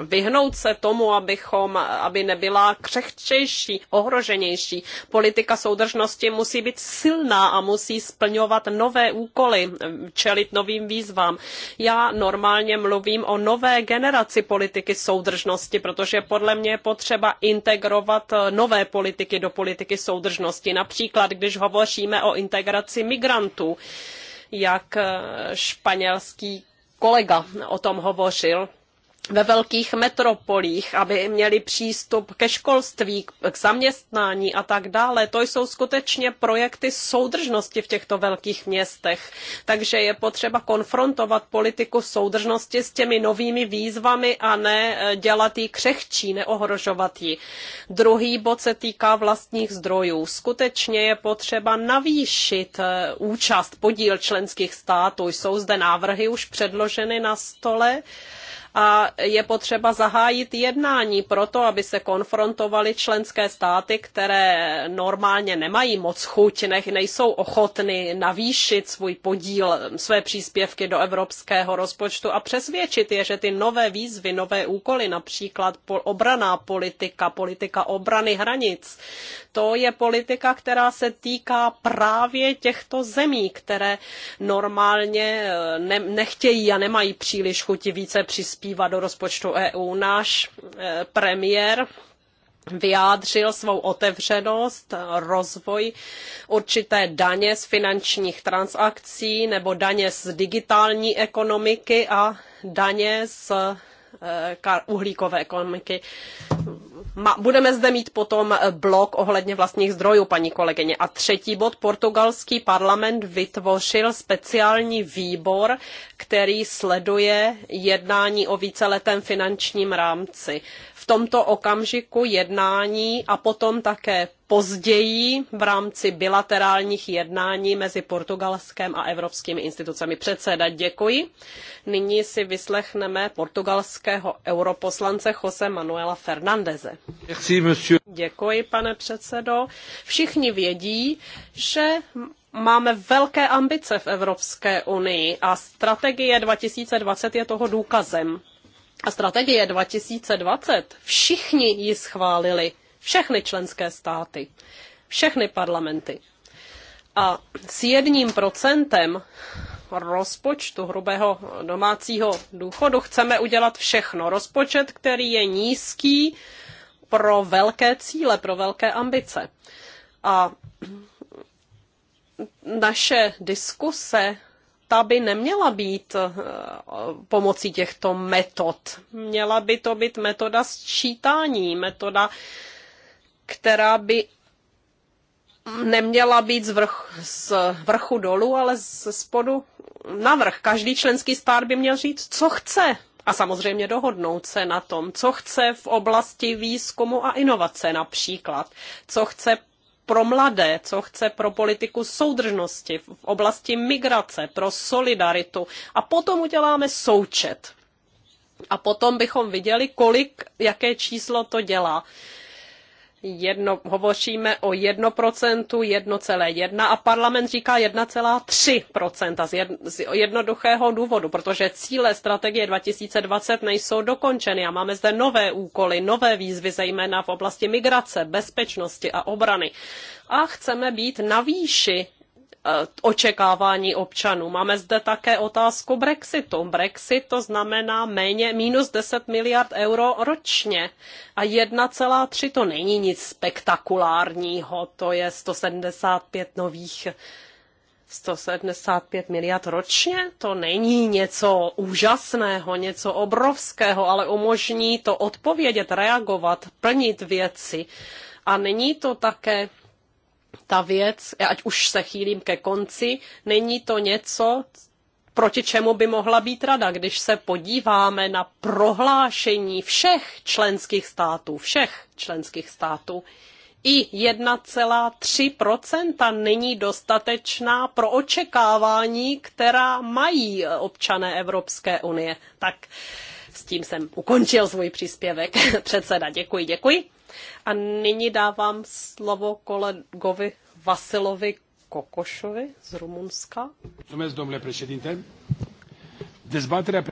vyhnout se tomu, abychom, aby nebyla křehčejší, ohroženější. Politika soudržnosti musí být silná a musí splňovat nové úkoly, eh, čelit novým výzvám. Já normálně mluvím o nové generaci politiky soudržnosti, protože podle mě je potřeba integrovat eh, nové politiky do politiky soudržnosti. Například, když hovoříme o integraci migrantů, jak eh, španělský kolega o tom hovořil ve velkých metropolích, aby měli přístup ke školství, k zaměstnání a tak dále. To jsou skutečně projekty soudržnosti v těchto velkých městech. Takže je potřeba konfrontovat politiku soudržnosti s těmi novými výzvami a ne eh, dělat ji křehčí, neohrožovat ji. Druhý bod se týká vlastních zdrojů. Skutečně je potřeba navýšit eh, účast, podíl členských států. Jsou zde návrhy už předloženy na stole a je potřeba zahájit jednání proto, aby se konfrontovaly členské státy, které normálně nemají moc chuť, nech nejsou ochotny navýšit svůj podíl, své příspěvky do evropského rozpočtu a přesvědčit je, že ty nové výzvy, nové úkoly, například obraná politika, politika obrany hranic, to je politika, která se týká právě těchto zemí, které normálně eh, ne nechtějí a nemají příliš chuti více přispívat přispívat do rozpočtu EU. Náš e, premiér vyjádřil svou otevřenost, rozvoj určité daně z finančních transakcí nebo daně z digitální ekonomiky a daně z Eh, uhlíkové ekonomiky. Budeme zde mít potom blok ohledně vlastních zdrojů, paní kolegyně. A třetí bod, portugalský parlament vytvořil speciální výbor, který sleduje jednání o víceletém finančním rámci tomto okamžiku jednání a potom také později v rámci bilaterálních jednání mezi Portugalskem a evropskými institucemi předseda. Děkuji. Nyní si vyslechneme portugalského europoslance Jose Manuela Fernandeze. Děkuji, pane předsedo. Všichni vědí, že máme velké ambice v Evropské unii a strategie 2020 je toho důkazem a strategie 2020 všichni ji schválili, všechny členské státy, všechny parlamenty. A s jedním procentem rozpočtu hrubého domácího důchodu chceme udělat všechno. Rozpočet, který je nízký pro velké cíle, pro velké ambice. A naše diskuse ta by neměla být eh, pomocí těchto metod. Měla by to být metoda sčítání, metoda, která by neměla být z, vrch, z vrchu dolů, ale z spodu na vrch. Každý členský stát by měl říct, co chce. A samozřejmě dohodnout se na tom, co chce v oblasti výzkumu a inovace například, co chce pro mladé, co chce pro politiku soudržnosti v oblasti migrace, pro solidaritu a potom uděláme součet. A potom bychom viděli, kolik, jaké číslo to dělá jedno, hovoříme o 1%, 1,1 a parlament říká 1,3% z, jed, z jednoduchého důvodu, protože cíle strategie 2020 nejsou dokončeny a máme zde nové úkoly, nové výzvy, zejména v oblasti migrace, bezpečnosti a obrany. A chceme být na výši Eh, očekávání občanů. Máme zde také otázku Brexitu. Brexit to znamená méně minus 10 miliard euro ročně a 1,3 to není nic spektakulárního, to je 175 nových 175 miliard ročně, to není něco úžasného, něco obrovského, ale umožní to odpovědět, reagovat, plnit věci. A není to také ta věc, ať už se chýlím ke konci, není to něco, proti čemu by mohla být rada, když se podíváme na prohlášení všech členských států, všech členských států. I 1,3 není dostatečná pro očekávání, která mají občané Evropské unie. Tak s tím jsem ukončil svůj příspěvek. Předseda, děkuji, děkuji. A nyní dávám slovo kolegovi Vasilovi Kokošovi z Rumunska. Mulțumesc, domnule președinte. Dezbaterea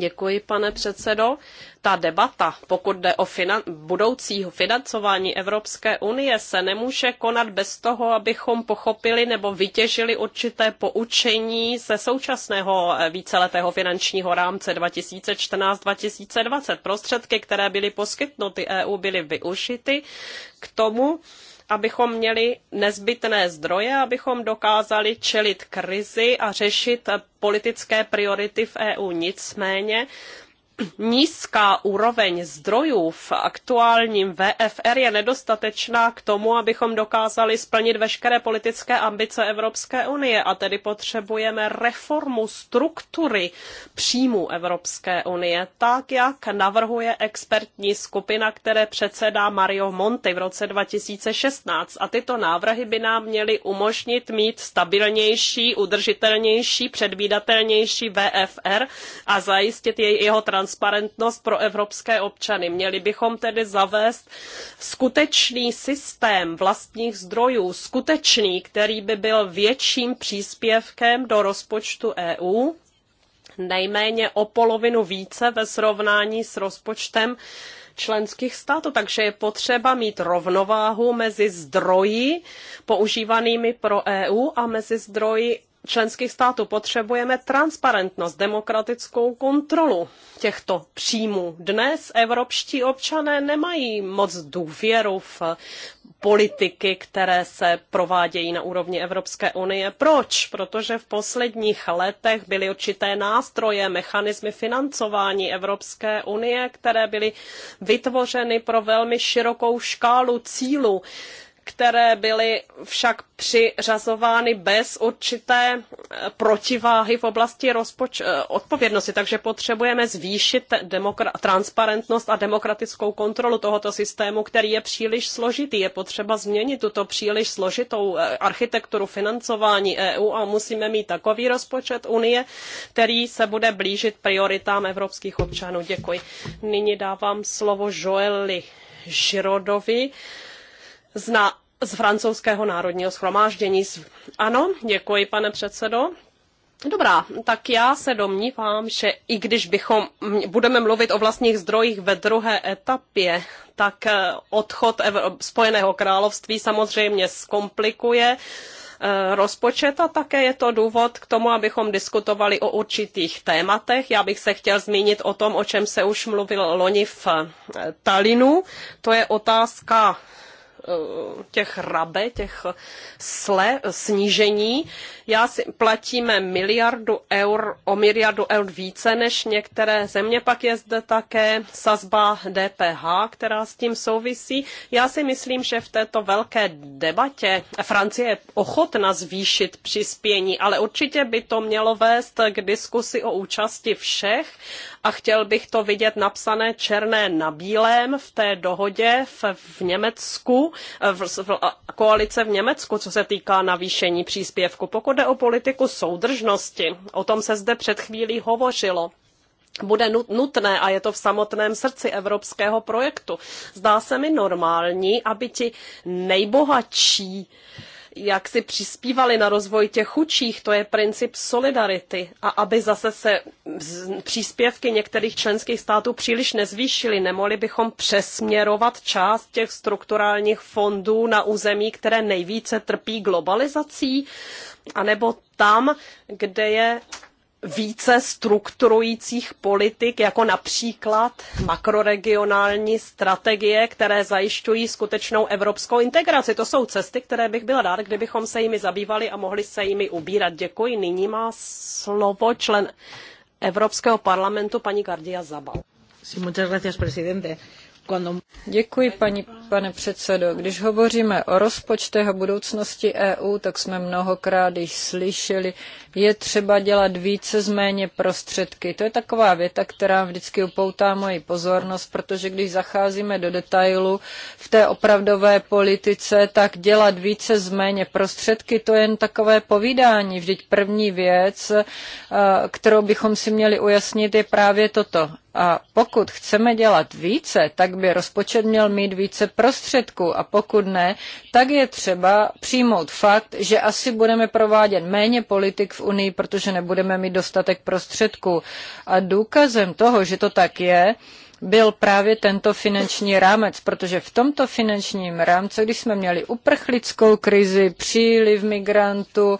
Děkuji, pane předsedo. Ta debata, pokud jde o finan- budoucího financování Evropské unie, se nemůže konat bez toho, abychom pochopili nebo vytěžili určité poučení ze současného eh, víceletého finančního rámce 2014-2020. Prostředky, které byly poskytnuty EU, byly využity k tomu, abychom měli nezbytné zdroje, abychom dokázali čelit krizi a řešit politické priority v EU. Nicméně nízká úroveň zdrojů v aktuálním VFR je nedostatečná k tomu, abychom dokázali splnit veškeré politické ambice Evropské unie a tedy potřebujeme reformu struktury příjmů Evropské unie, tak jak navrhuje expertní skupina, které předsedá Mario Monti v roce 2016. A tyto návrhy by nám měly umožnit mít stabilnější, udržitelnější, předvídatelnější VFR a zajistit jej, jeho transformaci transparentnost pro evropské občany. Měli bychom tedy zavést skutečný systém vlastních zdrojů, skutečný, který by byl větším příspěvkem do rozpočtu EU, nejméně o polovinu více ve srovnání s rozpočtem členských států, takže je potřeba mít rovnováhu mezi zdroji používanými pro EU a mezi zdroji členských států. Potřebujeme transparentnost, demokratickou kontrolu těchto příjmů. Dnes evropští občané nemají moc důvěru v politiky, které se provádějí na úrovni Evropské unie. Proč? Protože v posledních letech byly určité nástroje, mechanismy financování Evropské unie, které byly vytvořeny pro velmi širokou škálu cílů které byly však přiřazovány bez určité eh, protiváhy v oblasti rozpoč- eh, odpovědnosti. Takže potřebujeme zvýšit demokra- transparentnost a demokratickou kontrolu tohoto systému, který je příliš složitý. Je potřeba změnit tuto příliš složitou eh, architekturu financování EU a musíme mít takový rozpočet Unie, který se bude blížit prioritám evropských občanů. Děkuji. Nyní dávám slovo Joeli Žirodovi zna z francouzského národního schromáždění. Ano, děkuji, pane předsedo. Dobrá, tak já se domnívám, že i když bychom budeme mluvit o vlastních zdrojích ve druhé etapě, tak eh, odchod Spojeného království samozřejmě zkomplikuje eh, rozpočet a také je to důvod k tomu, abychom diskutovali o určitých tématech. Já bych se chtěl zmínit o tom, o čem se už mluvil loni v eh, Talinu. To je otázka Eh, těch rabe, těch sle, snížení. Já si platíme miliardu eur, o miliardu eur více než některé země, pak je zde také sazba DPH, která s tím souvisí. Já si myslím, že v této velké debatě Francie je ochotna zvýšit přispění, ale určitě by to mělo vést k diskusi o účasti všech a chtěl bych to vidět napsané černé na bílém v té dohodě v, v Německu, eh, v, v, koalice v Německu, co se týká navýšení příspěvku. Pokud jde o politiku soudržnosti, o tom se zde před chvílí hovořilo bude nutné a je to v samotném srdci evropského projektu. Zdá se mi normální, aby ti nejbohatší uh, jak si přispívali na rozvoj těch chudších, to je princip solidarity. A aby zase se příspěvky některých členských států příliš nezvýšily, nemohli bychom přesměrovat část těch strukturálních fondů na území, které nejvíce trpí globalizací, anebo tam, kde je více strukturujících politik, jako například makroregionální strategie, které zajišťují skutečnou evropskou integraci. To jsou cesty, které bych byla rád, kdybychom se jimi zabývali a mohli se jimi ubírat. Děkuji. Nyní má slovo člen Evropského parlamentu paní Gardia Zabal. Děkuji, paní pane předsedo. Když hovoříme o rozpočtech a budoucnosti EU, tak jsme mnohokrát již slyšeli, je třeba dělat více z méně prostředky. To je taková věta, která vždycky upoutá moji pozornost, protože když zacházíme do detailu v té opravdové politice, tak dělat více z méně prostředky, to je jen takové povídání. Vždyť první věc, eh, kterou bychom si měli ujasnit, je právě toto. A pokud chceme dělat více, tak by rozpočet měl mít více prostředků a pokud ne, tak je třeba přijmout fakt, že asi budeme provádět méně politik v Unii, protože nebudeme mít dostatek prostředků. A důkazem toho, že to tak je, byl právě tento finanční rámec, protože v tomto finančním rámci, když jsme měli uprchlickou krizi, příliv migrantů,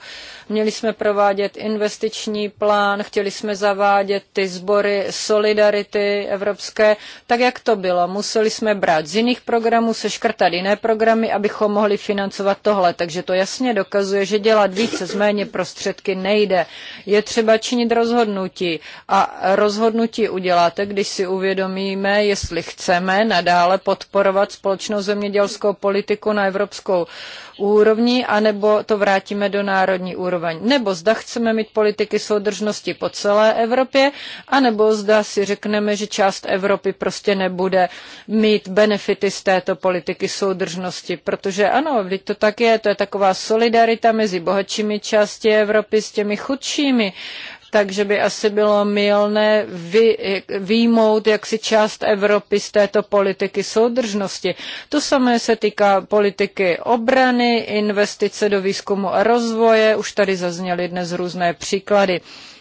Měli jsme provádět investiční plán, chtěli jsme zavádět ty sbory solidarity evropské. Tak jak to bylo? Museli jsme brát z jiných programů, seškrtat jiné programy, abychom mohli financovat tohle. Takže to jasně dokazuje, že dělat více z méně prostředky nejde. Je třeba činit rozhodnutí a rozhodnutí uděláte, když si uvědomíme, jestli chceme nadále podporovat společnou zemědělskou politiku na evropskou úrovni, anebo to vrátíme do národní úrovně úroveň. Nebo zda chceme mít politiky soudržnosti po celé Evropě, anebo zda si řekneme, že část Evropy prostě nebude mít benefity z této politiky soudržnosti. Protože ano, vždyť to tak je, to je taková solidarita mezi bohatšími části Evropy s těmi chudšími takže by asi bylo milné vy, výjmout jaksi část Evropy z této politiky soudržnosti. To samé se týká politiky obrany, investice do výzkumu a rozvoje, už tady zazněly dnes různé příklady.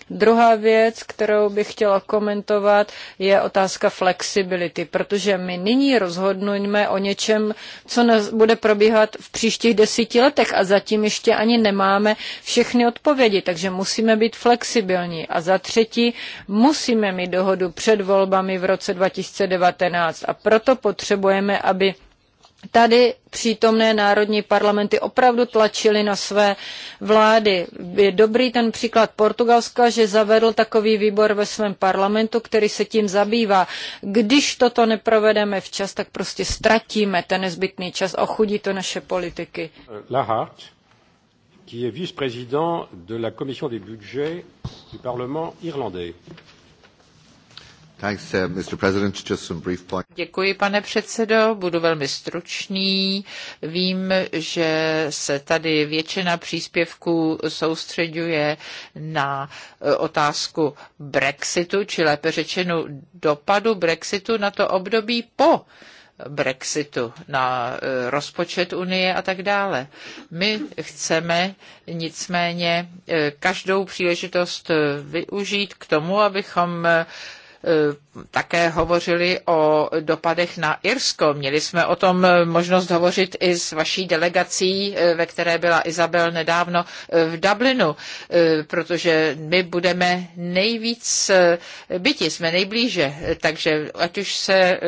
Druhá věc, kterou bych chtěla komentovat, je otázka flexibility, protože my nyní rozhodnujeme o něčem, co nás bude probíhat v příštích desíti letech a zatím ještě ani nemáme všechny odpovědi, takže musíme být flexibilní. A za třetí, musíme mít dohodu před volbami v roce 2019 a proto potřebujeme, aby Tady přítomné národní parlamenty opravdu tlačily na své vlády. Je dobrý ten příklad Portugalska, že zavedl takový výbor ve svém parlamentu, který se tím zabývá. Když toto neprovedeme včas, tak prostě ztratíme ten nezbytný čas, ochudí to naše politiky. Lahart, qui est vice-président de la commission des budgets du Parlement irlandais. Uh, Děkuji, pane předsedo. Budu velmi stručný. Vím, že se tady většina příspěvků soustředuje na eh, otázku Brexitu, či lépe řečeno dopadu Brexitu na to období po Brexitu, na eh, rozpočet Unie a tak dále. My chceme nicméně eh, každou příležitost využít k tomu, abychom Eh, také hovořili o dopadech na Irsko. Měli jsme o tom možnost hovořit i s vaší delegací, eh, ve které byla Izabel nedávno eh, v Dublinu, protože my budeme nejvíc byti, jsme nejblíže, takže ať už se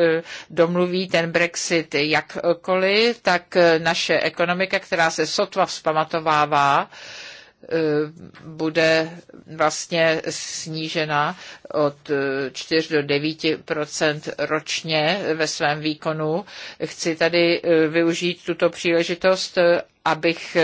domluví ten Brexit jakkoliv, tak naše ekonomika, která se sotva vzpamatovává, Eh, bude vlastně snížena od 4 eh, do 9 ročně ve svém výkonu. Chci tady eh, využít tuto příležitost, abych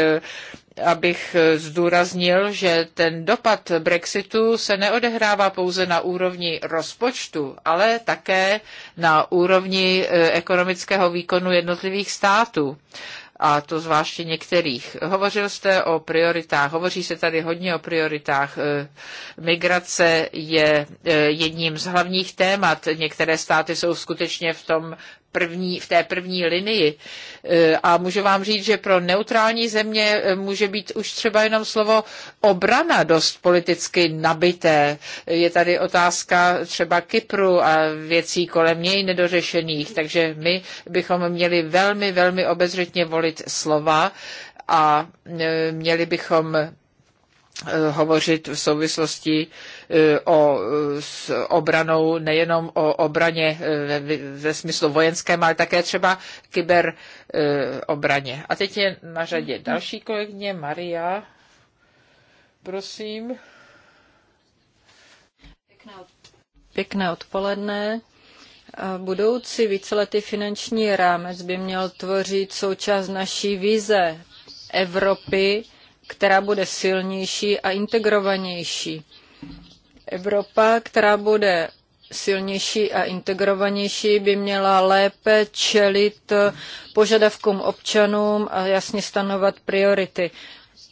abych zdůraznil, že ten dopad Brexitu se neodehrává pouze na úrovni rozpočtu, ale také na úrovni ekonomického výkonu jednotlivých států a to zvláště některých. Hovořil jste o prioritách, hovoří se tady hodně o prioritách. E, migrace je e, jedním z hlavních témat. Některé státy jsou skutečně v tom první, v té první linii. E, a můžu vám říct, že pro neutrální země e, může být už třeba jenom slovo obrana dost politicky nabité. Je tady otázka třeba Kypru a věcí kolem něj nedořešených, takže my bychom měli velmi, velmi obezřetně volit slova a e, měli bychom Eh, hovořit v souvislosti eh, o, eh, s obranou, nejenom o obraně ve, ve smyslu vojenském, ale také třeba kyber obraně. A teď je na řadě další kolegyně Maria. Prosím. Pěkné odpoledne. Budoucí víceletý finanční rámec by měl tvořit součást naší vize Evropy, která bude silnější a integrovanější. Evropa, která bude silnější a integrovanější, by měla lépe čelit požadavkům občanům a jasně stanovat priority.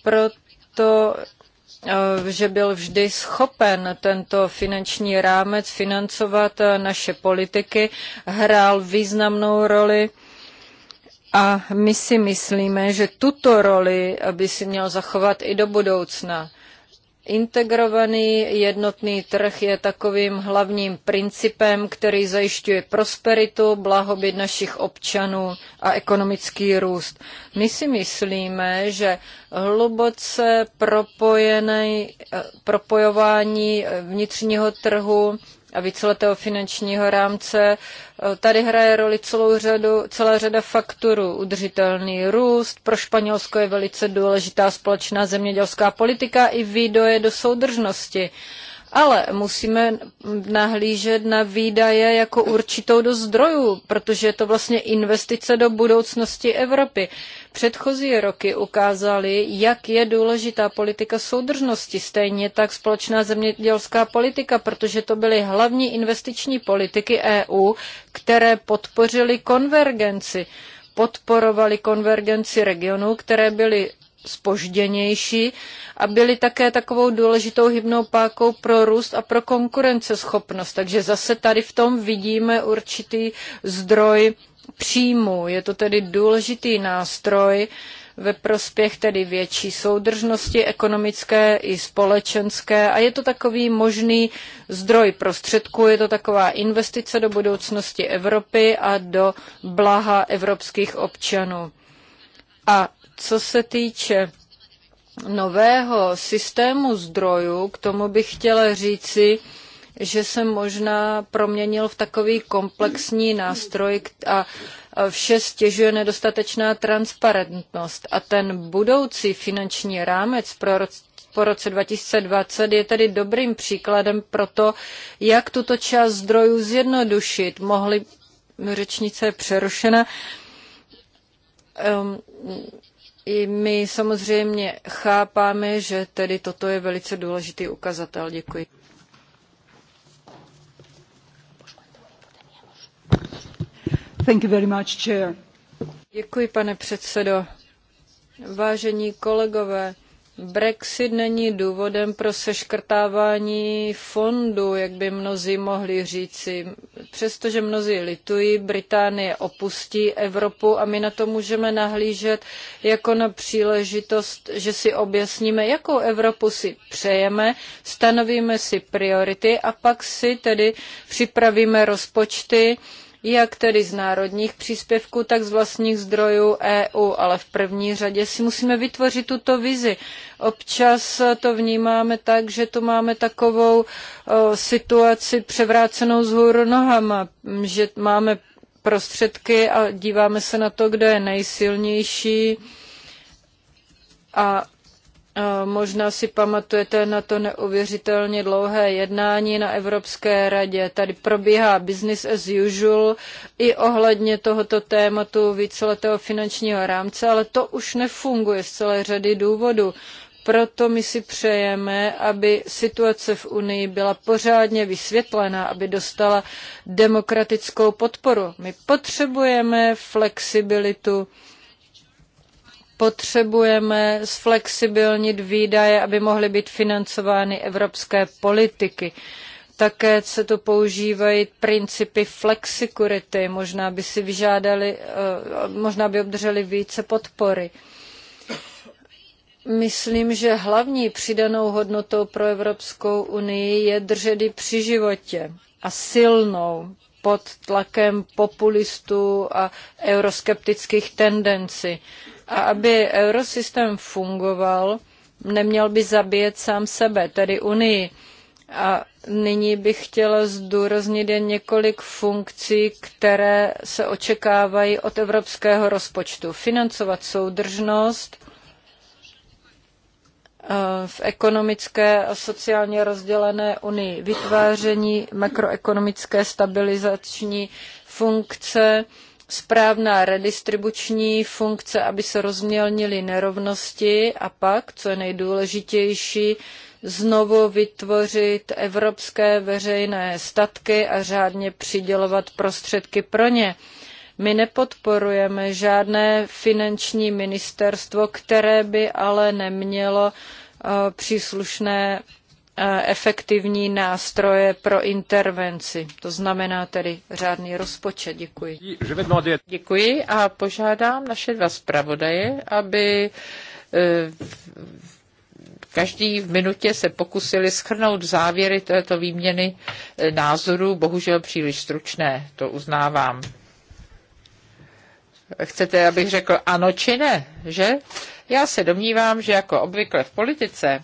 Proto eh, že byl vždy schopen tento finanční rámec financovat eh, naše politiky, hrál významnou roli a my si myslíme, že tuto roli by si měl zachovat i do budoucna. Integrovaný jednotný trh je takovým hlavním principem, který zajišťuje prosperitu, blahobyt našich občanů a ekonomický růst. My si myslíme, že hluboce propojené, eh, propojování vnitřního trhu a víceletého finančního rámce. Tady hraje roli celou řadu, celá řada faktorů. Udržitelný růst, pro Španělsko je velice důležitá společná zemědělská politika i výdoje do soudržnosti. Ale musíme nahlížet na výdaje jako určitou do zdrojů, protože je to vlastně investice do budoucnosti Evropy. Předchozí roky ukázaly, jak je důležitá politika soudržnosti, stejně tak společná zemědělská politika, protože to byly hlavní investiční politiky EU, které podpořily konvergenci podporovali konvergenci regionů, které byly spožděnější a byly také takovou důležitou hybnou pákou pro růst a pro konkurenceschopnost. Takže zase tady v tom vidíme určitý zdroj příjmu. Je to tedy důležitý nástroj ve prospěch tedy větší soudržnosti ekonomické i společenské a je to takový možný zdroj prostředků, je to taková investice do budoucnosti Evropy a do blaha evropských občanů. A co se týče nového systému zdrojů, k tomu bych chtěla říci, že jsem možná proměnil v takový komplexní nástroj a vše stěžuje nedostatečná transparentnost. A ten budoucí finanční rámec pro po roce 2020 je tedy dobrým příkladem pro to, jak tuto část zdrojů zjednodušit. Mohli řečnice je přerušena. Um, i my samozřejmě chápáme, že tedy toto je velice důležitý ukazatel. Děkuji. Thank you very much, chair. Děkuji, pane předsedo. Vážení kolegové, Brexit není důvodem pro seškrtávání fondu, jak by mnozí mohli říci. Přestože mnozí litují, Británie opustí Evropu a my na to můžeme nahlížet jako na příležitost, že si objasníme, jakou Evropu si přejeme, stanovíme si priority a pak si tedy připravíme rozpočty, jak tedy z národních příspěvků, tak z vlastních zdrojů EU. Ale v první řadě si musíme vytvořit tuto vizi. Občas to vnímáme tak, že tu máme takovou o, situaci převrácenou z hůru nohama, že máme prostředky a díváme se na to, kdo je nejsilnější a Možná si pamatujete na to neuvěřitelně dlouhé jednání na Evropské radě. Tady probíhá business as usual i ohledně tohoto tématu víceletého finančního rámce, ale to už nefunguje z celé řady důvodů. Proto my si přejeme, aby situace v Unii byla pořádně vysvětlena, aby dostala demokratickou podporu. My potřebujeme flexibilitu Potřebujeme zflexibilnit výdaje, aby mohly být financovány evropské politiky. Také se tu používají principy flexikurity. Možná by si vyžádali, eh, možná by obdrželi více podpory. Myslím, že hlavní přidanou hodnotou pro Evropskou unii je držet ji při životě a silnou pod tlakem populistů a euroskeptických tendencí. A aby eurosystém fungoval, neměl by zabíjet sám sebe, tedy Unii. A nyní bych chtěla zdůraznit jen několik funkcí, které se očekávají od evropského rozpočtu. Financovat soudržnost, eh, v ekonomické a sociálně rozdělené unii, vytváření makroekonomické stabilizační funkce, správná redistribuční funkce, aby se rozmělnily nerovnosti a pak, co je nejdůležitější, znovu vytvořit evropské veřejné statky a řádně přidělovat prostředky pro ně. My nepodporujeme žádné finanční ministerstvo, které by ale nemělo eh, příslušné efektivní nástroje pro intervenci. To znamená tedy řádný rozpočet. Děkuji. Děkuji a požádám naše dva zpravodaje, aby e, každý v minutě se pokusili schrnout závěry této výměny e, názorů, bohužel příliš stručné, to uznávám. Chcete, abych řekl ano či ne, že? Já se domnívám, že jako obvykle v politice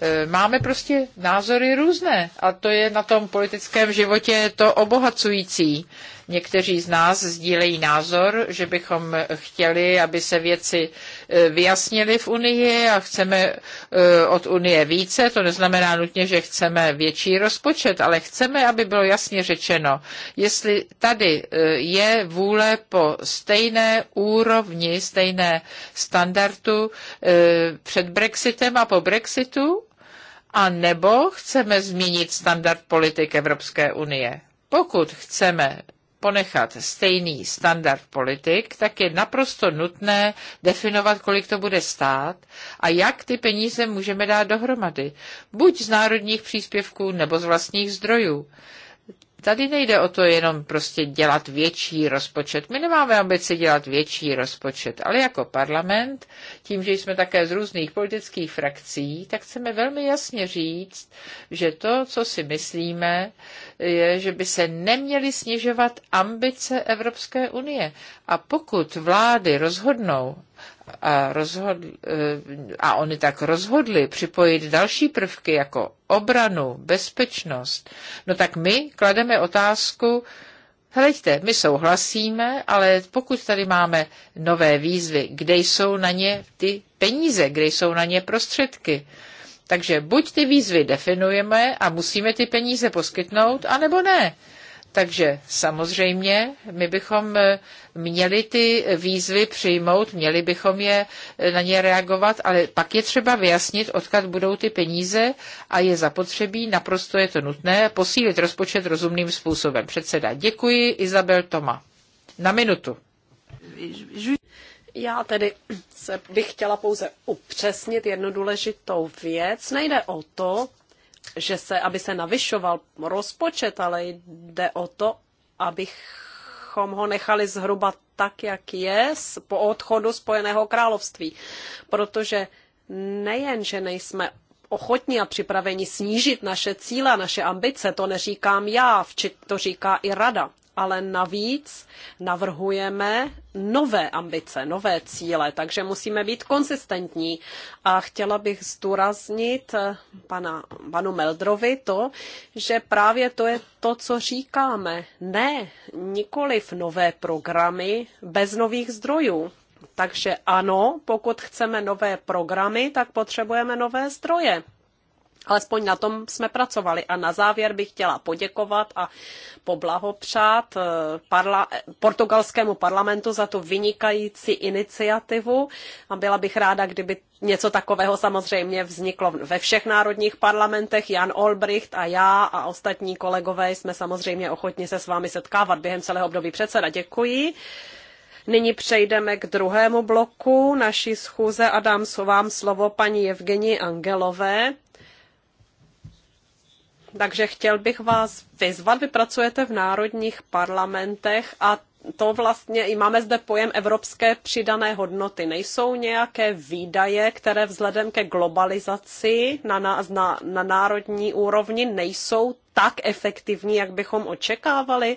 E, máme prostě názory různé a to je na tom politickém životě to obohacující. Někteří z nás sdílejí názor, že bychom chtěli, aby se věci e, vyjasnily v Unii a chceme e, od Unie více. To neznamená nutně, že chceme větší rozpočet, ale chceme, aby bylo jasně řečeno, jestli tady e, je vůle po stejné úrovni, stejné standardu před Brexitem a po Brexitu, a nebo chceme změnit standard politik Evropské unie. Pokud chceme ponechat stejný standard politik, tak je naprosto nutné definovat, kolik to bude stát a jak ty peníze můžeme dát dohromady, buď z národních příspěvků nebo z vlastních zdrojů. Tady nejde o to jenom prostě dělat větší rozpočet. My nemáme ambici dělat větší rozpočet, ale jako parlament, tím, že jsme také z různých politických frakcí, tak chceme velmi jasně říct, že to, co si myslíme, je, že by se neměly snižovat ambice Evropské unie. A pokud vlády rozhodnou, a, rozhodl, eh, a oni tak rozhodli připojit další prvky jako obranu, bezpečnost, no tak my klademe otázku, Hleďte, my souhlasíme, ale pokud tady máme nové výzvy, kde jsou na ně ty peníze, kde jsou na ně prostředky? Takže buď ty výzvy definujeme a musíme ty peníze poskytnout, anebo ne. Takže samozřejmě my bychom eh, měli ty výzvy přijmout, měli bychom je eh, na ně reagovat, ale pak je třeba vyjasnit, odkud budou ty peníze a je zapotřebí, naprosto je to nutné, posílit rozpočet rozumným způsobem. Předseda, děkuji, Izabel Toma. Na minutu. Já tedy se bych chtěla pouze upřesnit jednu důležitou věc. Nejde o to, že se, aby se navyšoval rozpočet, ale jde o to, abychom ho nechali zhruba tak, jak je po odchodu Spojeného království. Protože nejen, že nejsme ochotní a připraveni snížit naše cíle, naše ambice, to neříkám já, to říká i rada ale navíc navrhujeme nové ambice, nové cíle, takže musíme být konsistentní. A chtěla bych zdůraznit eh, pana, panu Meldrovi to, že právě to je to, co říkáme. Ne, nikoliv nové programy bez nových zdrojů. Takže ano, pokud chceme nové programy, tak potřebujeme nové zdroje. Alespoň na tom jsme pracovali. A na závěr bych chtěla poděkovat a poblahopřát eh, parla- portugalskému parlamentu za tu vynikající iniciativu. A byla bych ráda, kdyby něco takového samozřejmě vzniklo ve všech národních parlamentech. Jan Olbricht a já a ostatní kolegové jsme samozřejmě ochotni se s vámi setkávat během celého období předseda. Děkuji. Nyní přejdeme k druhému bloku naší schůze a dám vám slovo paní Evgenii Angelové takže chtěl bych vás vyzvat, vy pracujete v národních parlamentech a to vlastně, i máme zde pojem evropské přidané hodnoty. Nejsou nějaké výdaje, které vzhledem ke globalizaci na, na, na, na národní úrovni nejsou tak efektivní, jak bychom očekávali?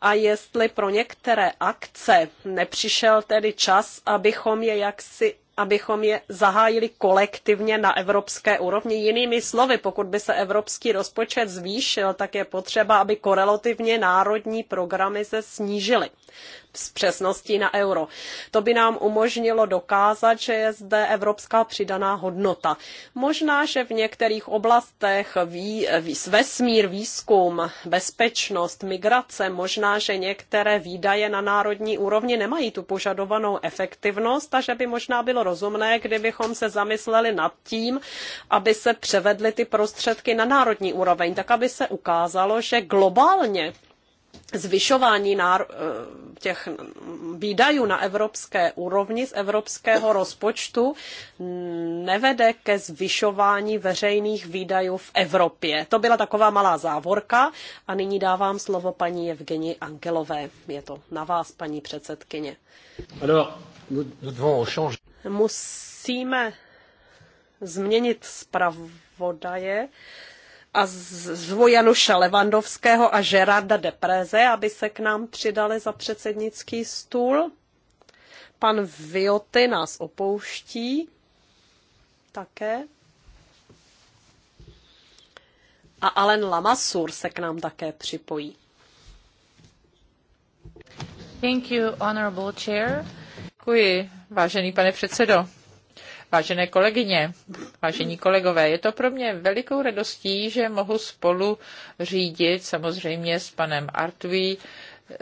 A jestli pro některé akce nepřišel tedy čas, abychom je jaksi abychom je zahájili kolektivně na evropské úrovni. Jinými slovy, pokud by se evropský rozpočet zvýšil, tak je potřeba, aby korelativně národní programy se snížily s přesností na euro. To by nám umožnilo dokázat, že je zde evropská přidaná hodnota. Možná, že v některých oblastech ví, ví, vesmír, výzkum, bezpečnost, migrace, možná, že některé výdaje na národní úrovni nemají tu požadovanou efektivnost a že by možná bylo rozumné, kdybychom se zamysleli nad tím, aby se převedly ty prostředky na národní úroveň, tak aby se ukázalo, že globálně zvyšování eh, těch výdajů na evropské úrovni z evropského rozpočtu nevede ke zvyšování veřejných výdajů v Evropě. To byla taková malá závorka a nyní dávám slovo paní Evgeni Angelové. Je to na vás, paní předsedkyně. Musíme změnit zpravodaje a zvu Januša Levandovského a Gerarda Depreze, aby se k nám přidali za předsednický stůl. Pan Vioty nás opouští také. A Alen Lamassur se k nám také připojí. Thank you, honorable chair. Děkuji, vážený pane předsedo. Vážené kolegyně, vážení kolegové, je to pro mě velikou radostí, že mohu spolu řídit samozřejmě s panem Artví eh,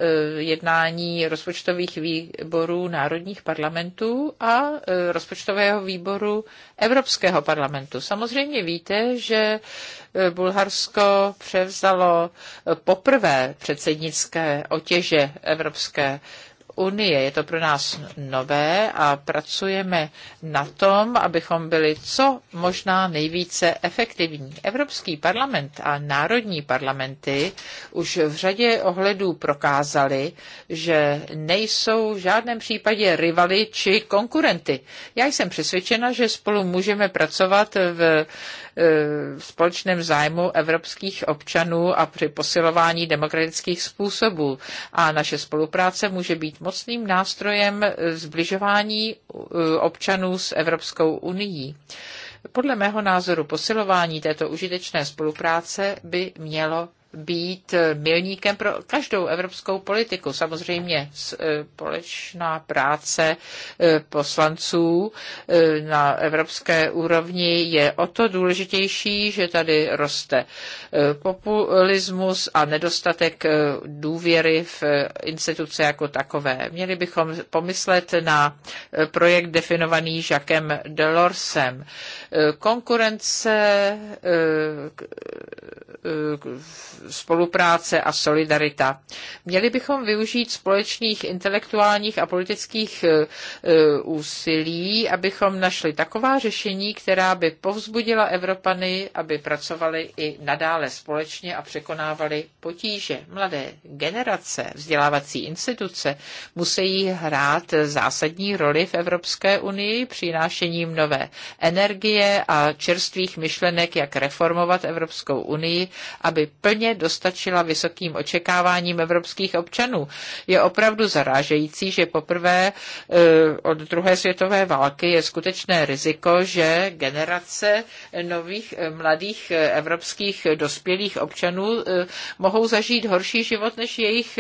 jednání rozpočtových výborů národních parlamentů a eh, rozpočtového výboru Evropského parlamentu. Samozřejmě víte, že eh, Bulharsko převzalo poprvé předsednické otěže Evropské unie. Je to pro nás nové a pracujeme na tom, abychom byli co možná nejvíce efektivní. Evropský parlament a národní parlamenty už v řadě ohledů prokázali, že nejsou v žádném případě rivaly či konkurenty. Já jsem přesvědčena, že spolu můžeme pracovat v E, v společném zájmu evropských občanů a při posilování demokratických způsobů. A naše spolupráce může být mocným nástrojem zbližování e, občanů s Evropskou unii. Podle mého názoru posilování této užitečné spolupráce by mělo být milníkem pro každou evropskou politiku. Samozřejmě e, společná práce e, poslanců e, na evropské úrovni je o to důležitější, že tady roste populismus a nedostatek důvěry v instituce jako takové. Měli bychom pomyslet na projekt definovaný Jacquem Delorsem. Konkurence spolupráce a solidarita. Měli bychom využít společných intelektuálních a politických e, e, úsilí, abychom našli taková řešení, která by povzbudila Evropany, aby pracovali i nadále společně a překonávali potíže. Mladé generace, vzdělávací instituce musí hrát zásadní roli v Evropské unii přinášením nové energie a čerstvých myšlenek, jak reformovat Evropskou unii, aby plně dostačila vysokým očekáváním evropských občanů. Je opravdu zarážející, že poprvé e, od druhé světové války je skutečné riziko, že generace nových e, mladých e, evropských dospělých občanů mohou zažít horší život než jejich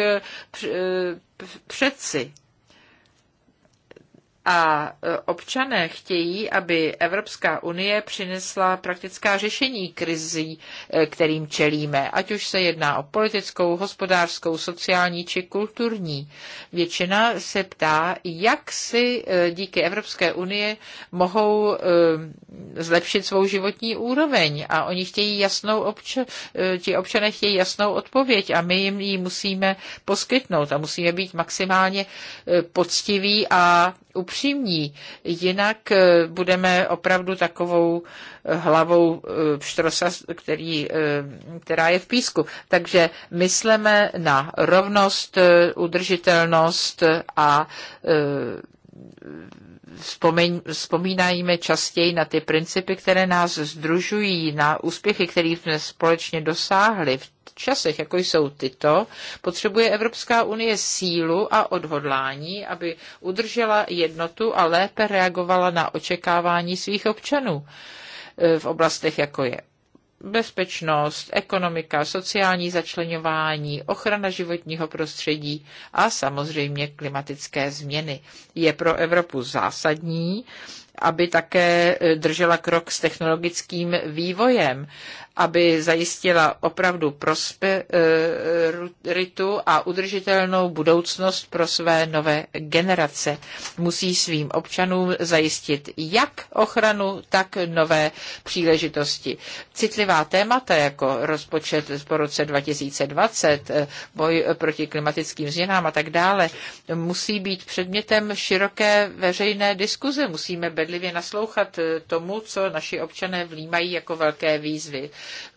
předci a e, občané chtějí, aby Evropská unie přinesla praktická řešení krizí, e, kterým čelíme, ať už se jedná o politickou, hospodářskou, sociální či kulturní. Většina se ptá, jak si e, díky Evropské unie mohou zlepšit svou životní úroveň a oni chtějí jasnou obč- ti občané chtějí jasnou odpověď a my jim ji musíme poskytnout a musíme být maximálně poctiví a upřímní, jinak eh, budeme opravdu takovou eh, hlavou pštrosa, eh, který, která je v písku. Takže mysleme na rovnost, udržitelnost a vzpomeň, častěji na ty principy, které nás združují, na úspěchy, které jsme společně dosáhli. V časech, jako jsou tyto, potřebuje Evropská unie sílu a odhodlání, aby udržela jednotu a lépe reagovala na očekávání svých občanů eh, v oblastech, jako je bezpečnost, ekonomika, sociální začlenování, ochrana životního prostředí a samozřejmě klimatické změny. Je pro Evropu zásadní, aby také e, držela krok s technologickým vývojem, aby zajistila opravdu prosperitu e, e, a udržitelnou budoucnost pro své nové generace. Musí svým občanům zajistit jak ochranu, tak nové příležitosti. Citlivá témata jako rozpočet po roce 2020, boj proti klimatickým změnám a tak dále, musí být předmětem široké veřejné diskuze. Musíme bedlivě naslouchat eh, tomu, co naši občané vnímají jako velké výzvy.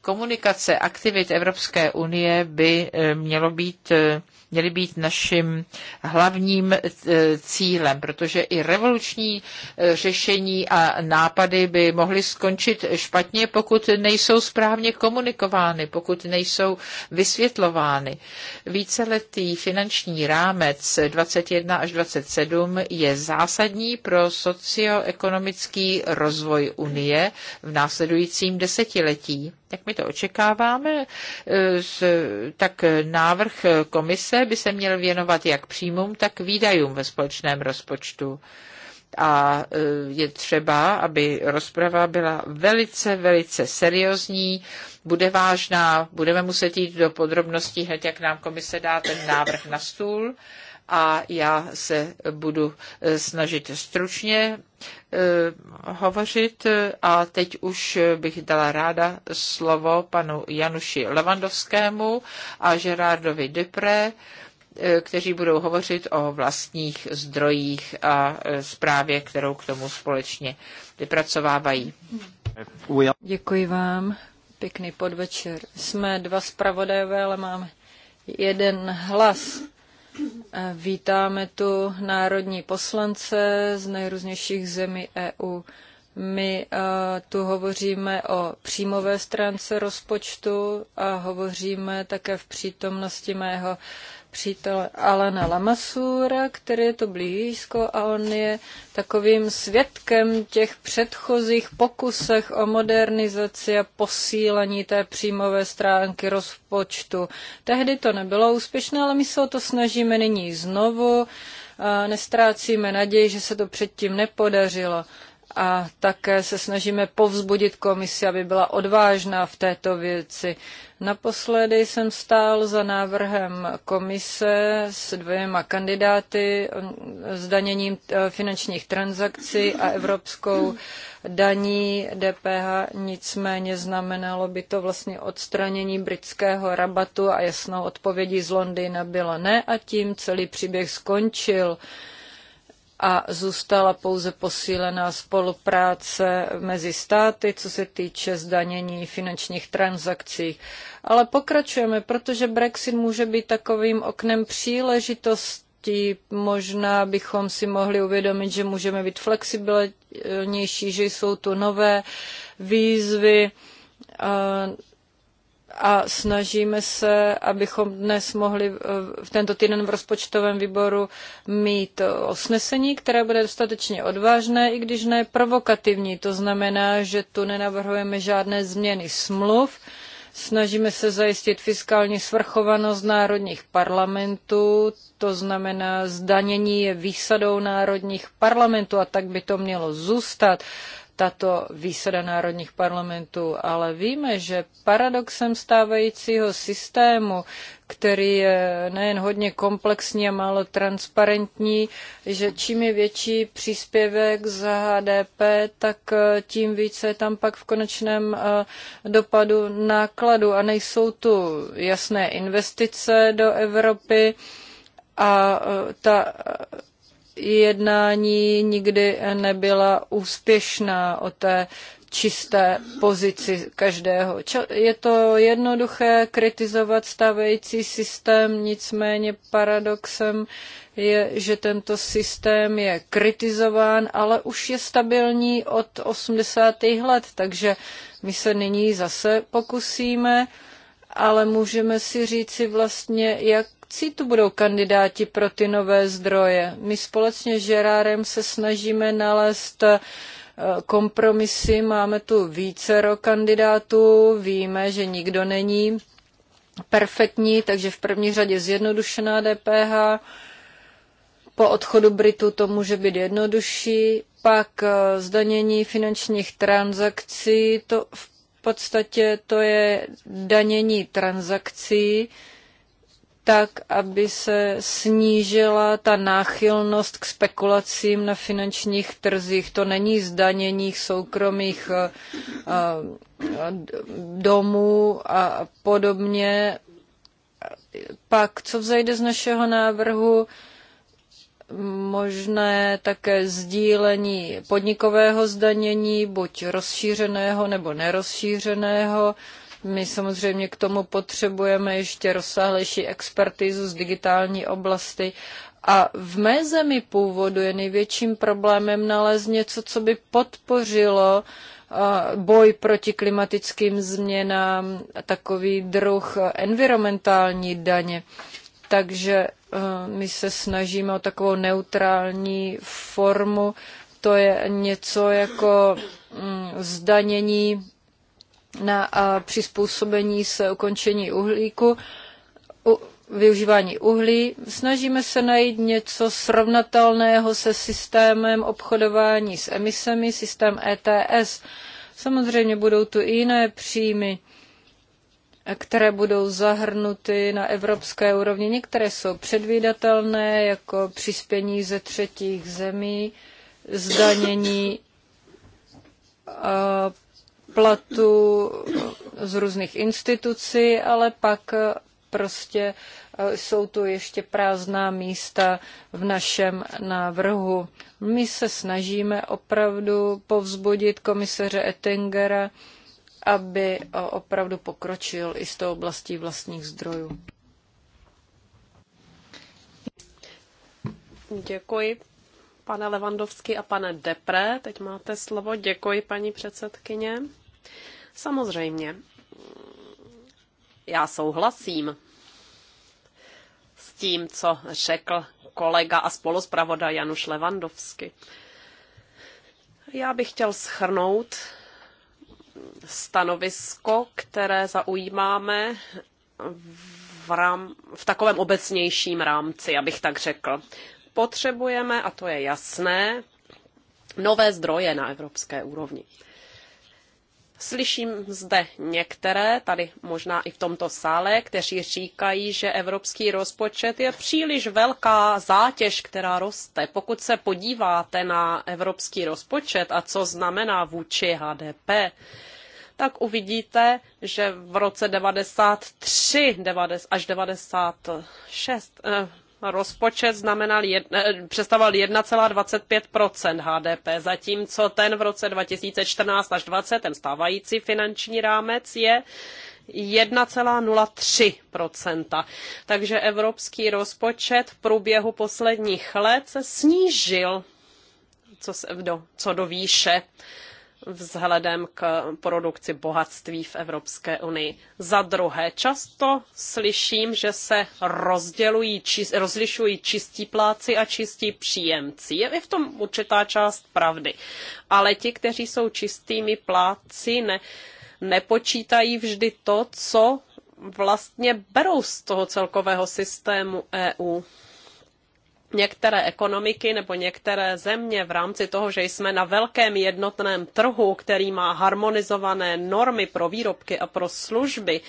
Komunikace aktivit Evropské unie by eh, mělo být, eh, měly být naším hlavním eh, cílem, protože i revoluční řešení a nápady by mohly skončit špatně, pokud nejsou správně komunikovány, pokud nejsou vysvětlovány. Víceletý finanční rámec 21 až 27 je zásadní pro socioekonomický rozvoj Unie v následujícím desetiletí jak my to očekáváme, e, tak návrh komise by se měl věnovat jak příjmům, tak výdajům ve společném rozpočtu a e, je třeba, aby rozprava byla velice, velice seriózní, bude vážná, budeme muset jít do podrobností hned, jak nám komise dá ten návrh na stůl a já se budu eh, snažit stručně eh, hovořit a teď už bych dala ráda slovo panu Januši Levandovskému a Gerardovi Dupré, eh, kteří budou hovořit o vlastních zdrojích a zprávě, kterou k tomu společně vypracovávají. Děkuji vám. Pěkný podvečer. Jsme dva zpravodajové, ale máme jeden hlas. Vítáme tu národní poslance z nejrůznějších zemí EU. My eh, tu hovoříme o příjmové stránce rozpočtu a hovoříme také v přítomnosti mého přítele Alana Lamasura, který je to blízko a on je takovým svědkem těch předchozích pokusech o modernizaci a posílení té příjmové stránky rozpočtu. Tehdy to nebylo úspěšné, ale my se o to snažíme nyní znovu. A nestrácíme naději, že se to předtím nepodařilo a také se snažíme povzbudit komisi, aby byla odvážná v této věci. Naposledy jsem stál za návrhem komise s dvěma kandidáty, zdaněním eh, finančních transakcí a evropskou daní DPH, nicméně znamenalo by to vlastně odstranění britského rabatu a jasnou odpovědí z Londýna bylo ne a tím celý příběh skončil a zůstala pouze posílená spolupráce mezi státy, co se týče zdanění finančních transakcí. Ale pokračujeme, protože Brexit může být takovým oknem příležitosti možná bychom si mohli uvědomit, že můžeme být flexibilnější, že jsou tu nové výzvy, a snažíme se, abychom dnes mohli eh, v tento týden v rozpočtovém výboru mít osnesení, které bude dostatečně odvážné, i když ne provokativní. To znamená, že tu nenavrhujeme žádné změny smluv, snažíme se zajistit fiskální svrchovanost národních parlamentů, to znamená zdanění je výsadou národních parlamentů a tak by to mělo zůstat tato výsada národních parlamentů, ale víme, že paradoxem stávajícího systému, který je nejen hodně komplexní a málo transparentní, že čím je větší příspěvek za HDP, tak eh, tím více je tam pak v konečném eh, dopadu nákladu a nejsou tu jasné investice do Evropy a eh, ta jednání nikdy nebyla úspěšná o té čisté pozici každého. Je to jednoduché kritizovat stávající systém, nicméně paradoxem je, že tento systém je kritizován, ale už je stabilní od 80. let, takže my se nyní zase pokusíme ale můžeme si říci vlastně, jak akcí tu budou kandidáti pro ty nové zdroje. My společně s Žerárem se snažíme nalézt eh, kompromisy, máme tu vícero kandidátů, víme, že nikdo není perfektní, takže v první řadě zjednodušená DPH, po odchodu Britu to může být jednodušší, pak eh, zdanění finančních transakcí, to v podstatě to je danění transakcí, tak, aby se snížila ta náchylnost k spekulacím na finančních trzích. To není zdanění soukromých eh, eh, domů a podobně. Pak, co vzejde z našeho návrhu, možné také sdílení podnikového zdanění, buď rozšířeného nebo nerozšířeného. My samozřejmě k tomu potřebujeme ještě rozsáhlejší expertizu z digitální oblasti a v mé zemi původu je největším problémem nalézt něco, co by podpořilo boj proti klimatickým změnám, takový druh environmentální daně. Takže my se snažíme o takovou neutrální formu. To je něco jako mm, zdanění na přizpůsobení se ukončení uhlíku, u, využívání uhlí. Snažíme se najít něco srovnatelného se systémem obchodování s emisemi, systém ETS. Samozřejmě budou tu i jiné příjmy, které budou zahrnuty na evropské úrovni. Některé jsou předvídatelné, jako přispění ze třetích zemí, zdanění platu z různých institucí, ale pak prostě eh, jsou tu ještě prázdná místa v našem návrhu. My se snažíme opravdu povzbudit komisaře Ettingera, aby eh, opravdu pokročil i z té oblasti vlastních zdrojů. Děkuji, pane Levandovský a pane Depre. Teď máte slovo. Děkuji, paní předsedkyně. Samozřejmě, já souhlasím s tím, co řekl kolega a spoluzpravodaj Januš Levandovsky. Já bych chtěl schrnout stanovisko, které zaujímáme v, rám, v takovém obecnějším rámci, abych tak řekl. Potřebujeme, a to je jasné, nové zdroje na evropské úrovni. Slyším zde některé, tady možná i v tomto sále, kteří říkají, že evropský rozpočet je příliš velká zátěž, která roste. Pokud se podíváte na evropský rozpočet a co znamená vůči HDP, tak uvidíte, že v roce 93 90, až 96 rozpočet znamenal eh, jedna, představoval 1,25 HDP, zatímco ten v roce 2014 až 2020, ten stávající finanční rámec, je 1,03 Takže evropský rozpočet v průběhu posledních let se snížil co, se, do, co do výše vzhledem k produkci bohatství v Evropské unii. Za druhé, často slyším, že se rozdělují, či, rozlišují čistí pláci a čistí příjemci. Je v tom určitá část pravdy. Ale ti, kteří jsou čistými pláci, ne, nepočítají vždy to, co vlastně berou z toho celkového systému EU některé ekonomiky nebo některé země v rámci toho, že jsme na velkém jednotném trhu, který má harmonizované normy pro výrobky a pro služby,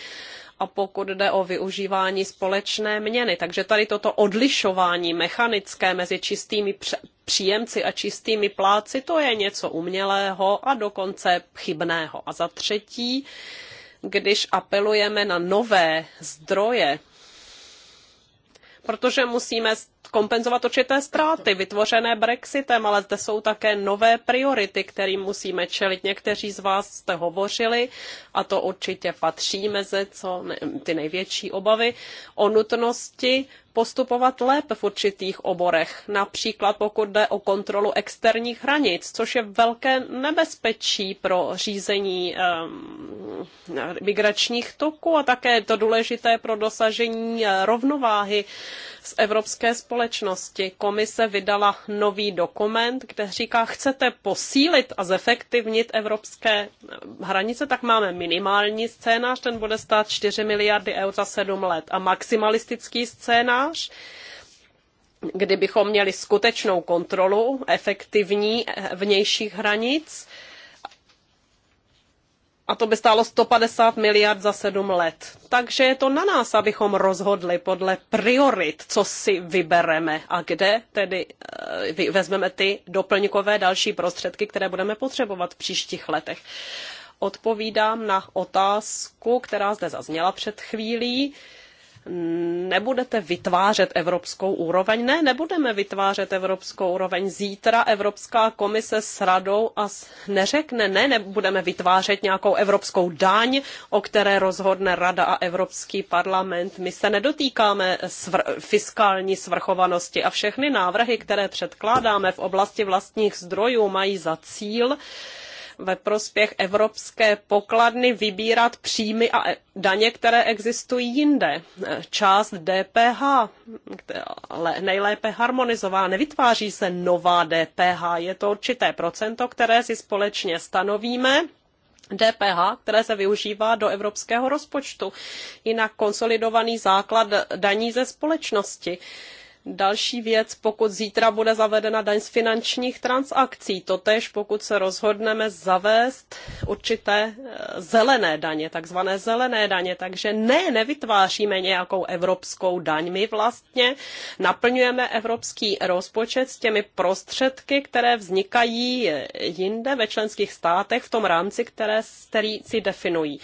a pokud jde o využívání společné měny. Takže tady toto odlišování mechanické mezi čistými příjemci a čistými pláci, to je něco umělého a dokonce chybného. A za třetí, když apelujeme na nové zdroje, protože musíme kompenzovat určité ztráty vytvořené Brexitem, ale zde jsou také nové priority, kterým musíme čelit. Někteří z vás jste hovořili a to určitě patří mezi co ne, ty největší obavy o nutnosti postupovat lépe v určitých oborech, například pokud jde o kontrolu externích hranic, což je velké nebezpečí pro řízení um, migračních toků a také je to důležité pro dosažení e, rovnováhy z evropské společnosti. Komise vydala nový dokument, kde říká, chcete posílit a zefektivnit evropské e, hranice, tak máme minimální scénář, ten bude stát 4 miliardy eur za 7 let a maximalistický scénář formulář, kdybychom měli skutečnou kontrolu efektivní vnějších hranic, a to by stálo 150 miliard za sedm let. Takže je to na nás, abychom rozhodli podle priorit, co si vybereme a kde tedy eh, vezmeme ty doplňkové další prostředky, které budeme potřebovat v příštích letech. Odpovídám na otázku, která zde zazněla před chvílí. Uh, nebudete vytvářet evropskou úroveň. Ne, nebudeme vytvářet evropskou úroveň. Zítra Evropská komise s radou a s, neřekne, ne, nebudeme vytvářet nějakou evropskou daň, o které rozhodne rada a Evropský parlament. My se nedotýkáme svr- fiskální svrchovanosti a všechny návrhy, které předkládáme v oblasti vlastních zdrojů, mají za cíl, ve prospěch evropské pokladny vybírat příjmy a e, daně, které existují jinde. E, část DPH, ale nejlépe harmonizová, nevytváří se nová DPH, je to určité procento, které si společně stanovíme. DPH, které se využívá do evropského rozpočtu, jinak konsolidovaný základ daní ze společnosti. Další věc, pokud zítra bude zavedena daň z finančních transakcí, totež pokud se rozhodneme zavést určité eh, zelené daně, takzvané zelené daně, takže ne, nevytváříme nějakou evropskou daň. My vlastně naplňujeme evropský rozpočet s těmi prostředky, které vznikají eh, jinde ve členských státech v tom rámci, které, který si definují.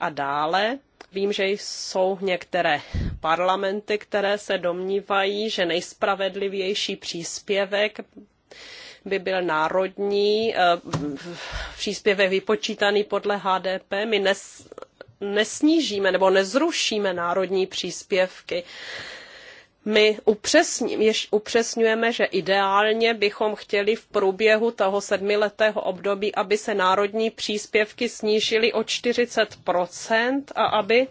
A dále Vím, že jsou některé parlamenty, které se domnívají, že nejspravedlivější příspěvek by byl národní eh, příspěvek vypočítaný podle HDP. My nes, nesnížíme nebo nezrušíme národní příspěvky my upřesňujeme, že ideálně bychom chtěli v průběhu toho sedmiletého období, aby se národní příspěvky snížily o 40 a aby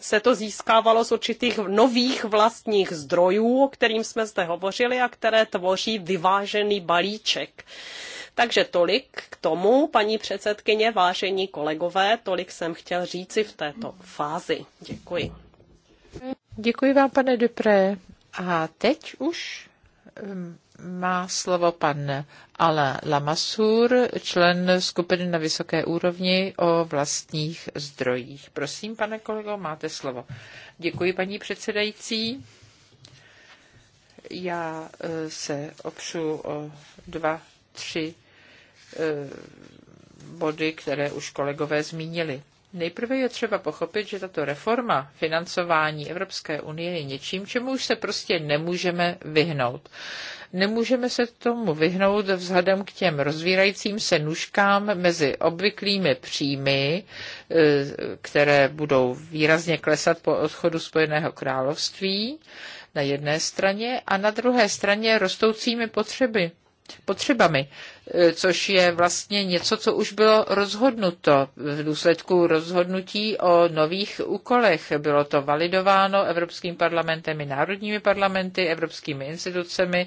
se to získávalo z určitých nových vlastních zdrojů, o kterým jsme zde hovořili a které tvoří vyvážený balíček. Takže tolik k tomu, paní předsedkyně, vážení kolegové, tolik jsem chtěl říci v této fázi. Děkuji. Děkuji vám, pane Dupré. A teď už hm, má slovo pan Ala Lamasur, člen skupiny na vysoké úrovni o vlastních zdrojích. Prosím, pane kolego, máte slovo. Děkuji, paní předsedající. Já eh, se opřu o dva, tři eh, body, které už kolegové zmínili. Nejprve je třeba pochopit, že tato reforma financování Evropské unie je něčím, čemu už se prostě nemůžeme vyhnout. Nemůžeme se tomu vyhnout vzhledem k těm rozvírajícím se nůžkám mezi obvyklými příjmy, eh, které budou výrazně klesat po odchodu Spojeného království na jedné straně a na druhé straně rostoucími potřeby potřebami, eh, což je vlastně něco, co už bylo rozhodnuto v důsledku rozhodnutí o nových úkolech. Bylo to validováno Evropským parlamentem i národními parlamenty, evropskými institucemi,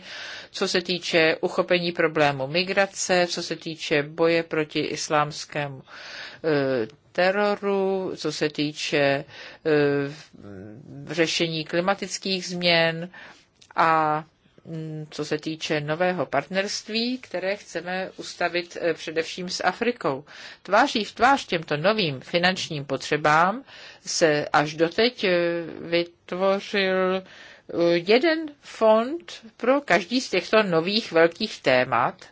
co se týče uchopení problému migrace, co se týče boje proti islámskému eh, teroru, co se týče eh, řešení klimatických změn a Mm, co se týče nového partnerství, které chceme ustavit eh, především s Afrikou. Tváří v tvář těmto novým finančním potřebám se až doteď eh, vytvořil eh, jeden fond pro každý z těchto nových velkých témat –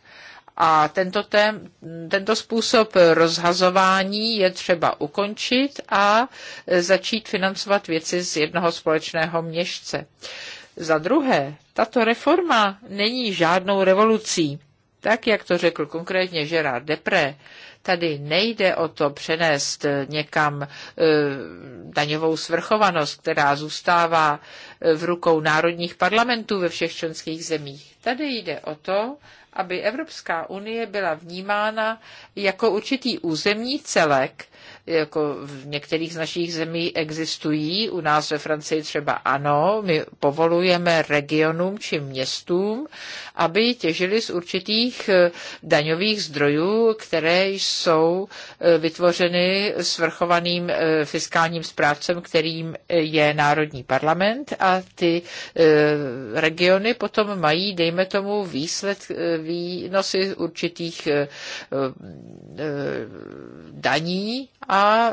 a tento, tém, tento způsob rozhazování je třeba ukončit a začít financovat věci z jednoho společného měšce. Za druhé, tato reforma není žádnou revolucí. Tak, jak to řekl konkrétně Gerard Depré, tady nejde o to přenést eh, někam e, daňovou svrchovanost, která zůstává eh, v rukou národních parlamentů ve všech členských zemích. Tady jde o to, aby Evropská unie byla vnímána jako určitý územní celek, jako v některých z našich zemí existují, u nás ve Francii třeba ano, my povolujeme regionům či městům, aby těžili z určitých eh, daňových zdrojů, které jsou eh, vytvořeny svrchovaným eh, fiskálním správcem, kterým je Národní parlament a ty regiony potom mají, dejme tomu, výsled, výnosy určitých daní a a e,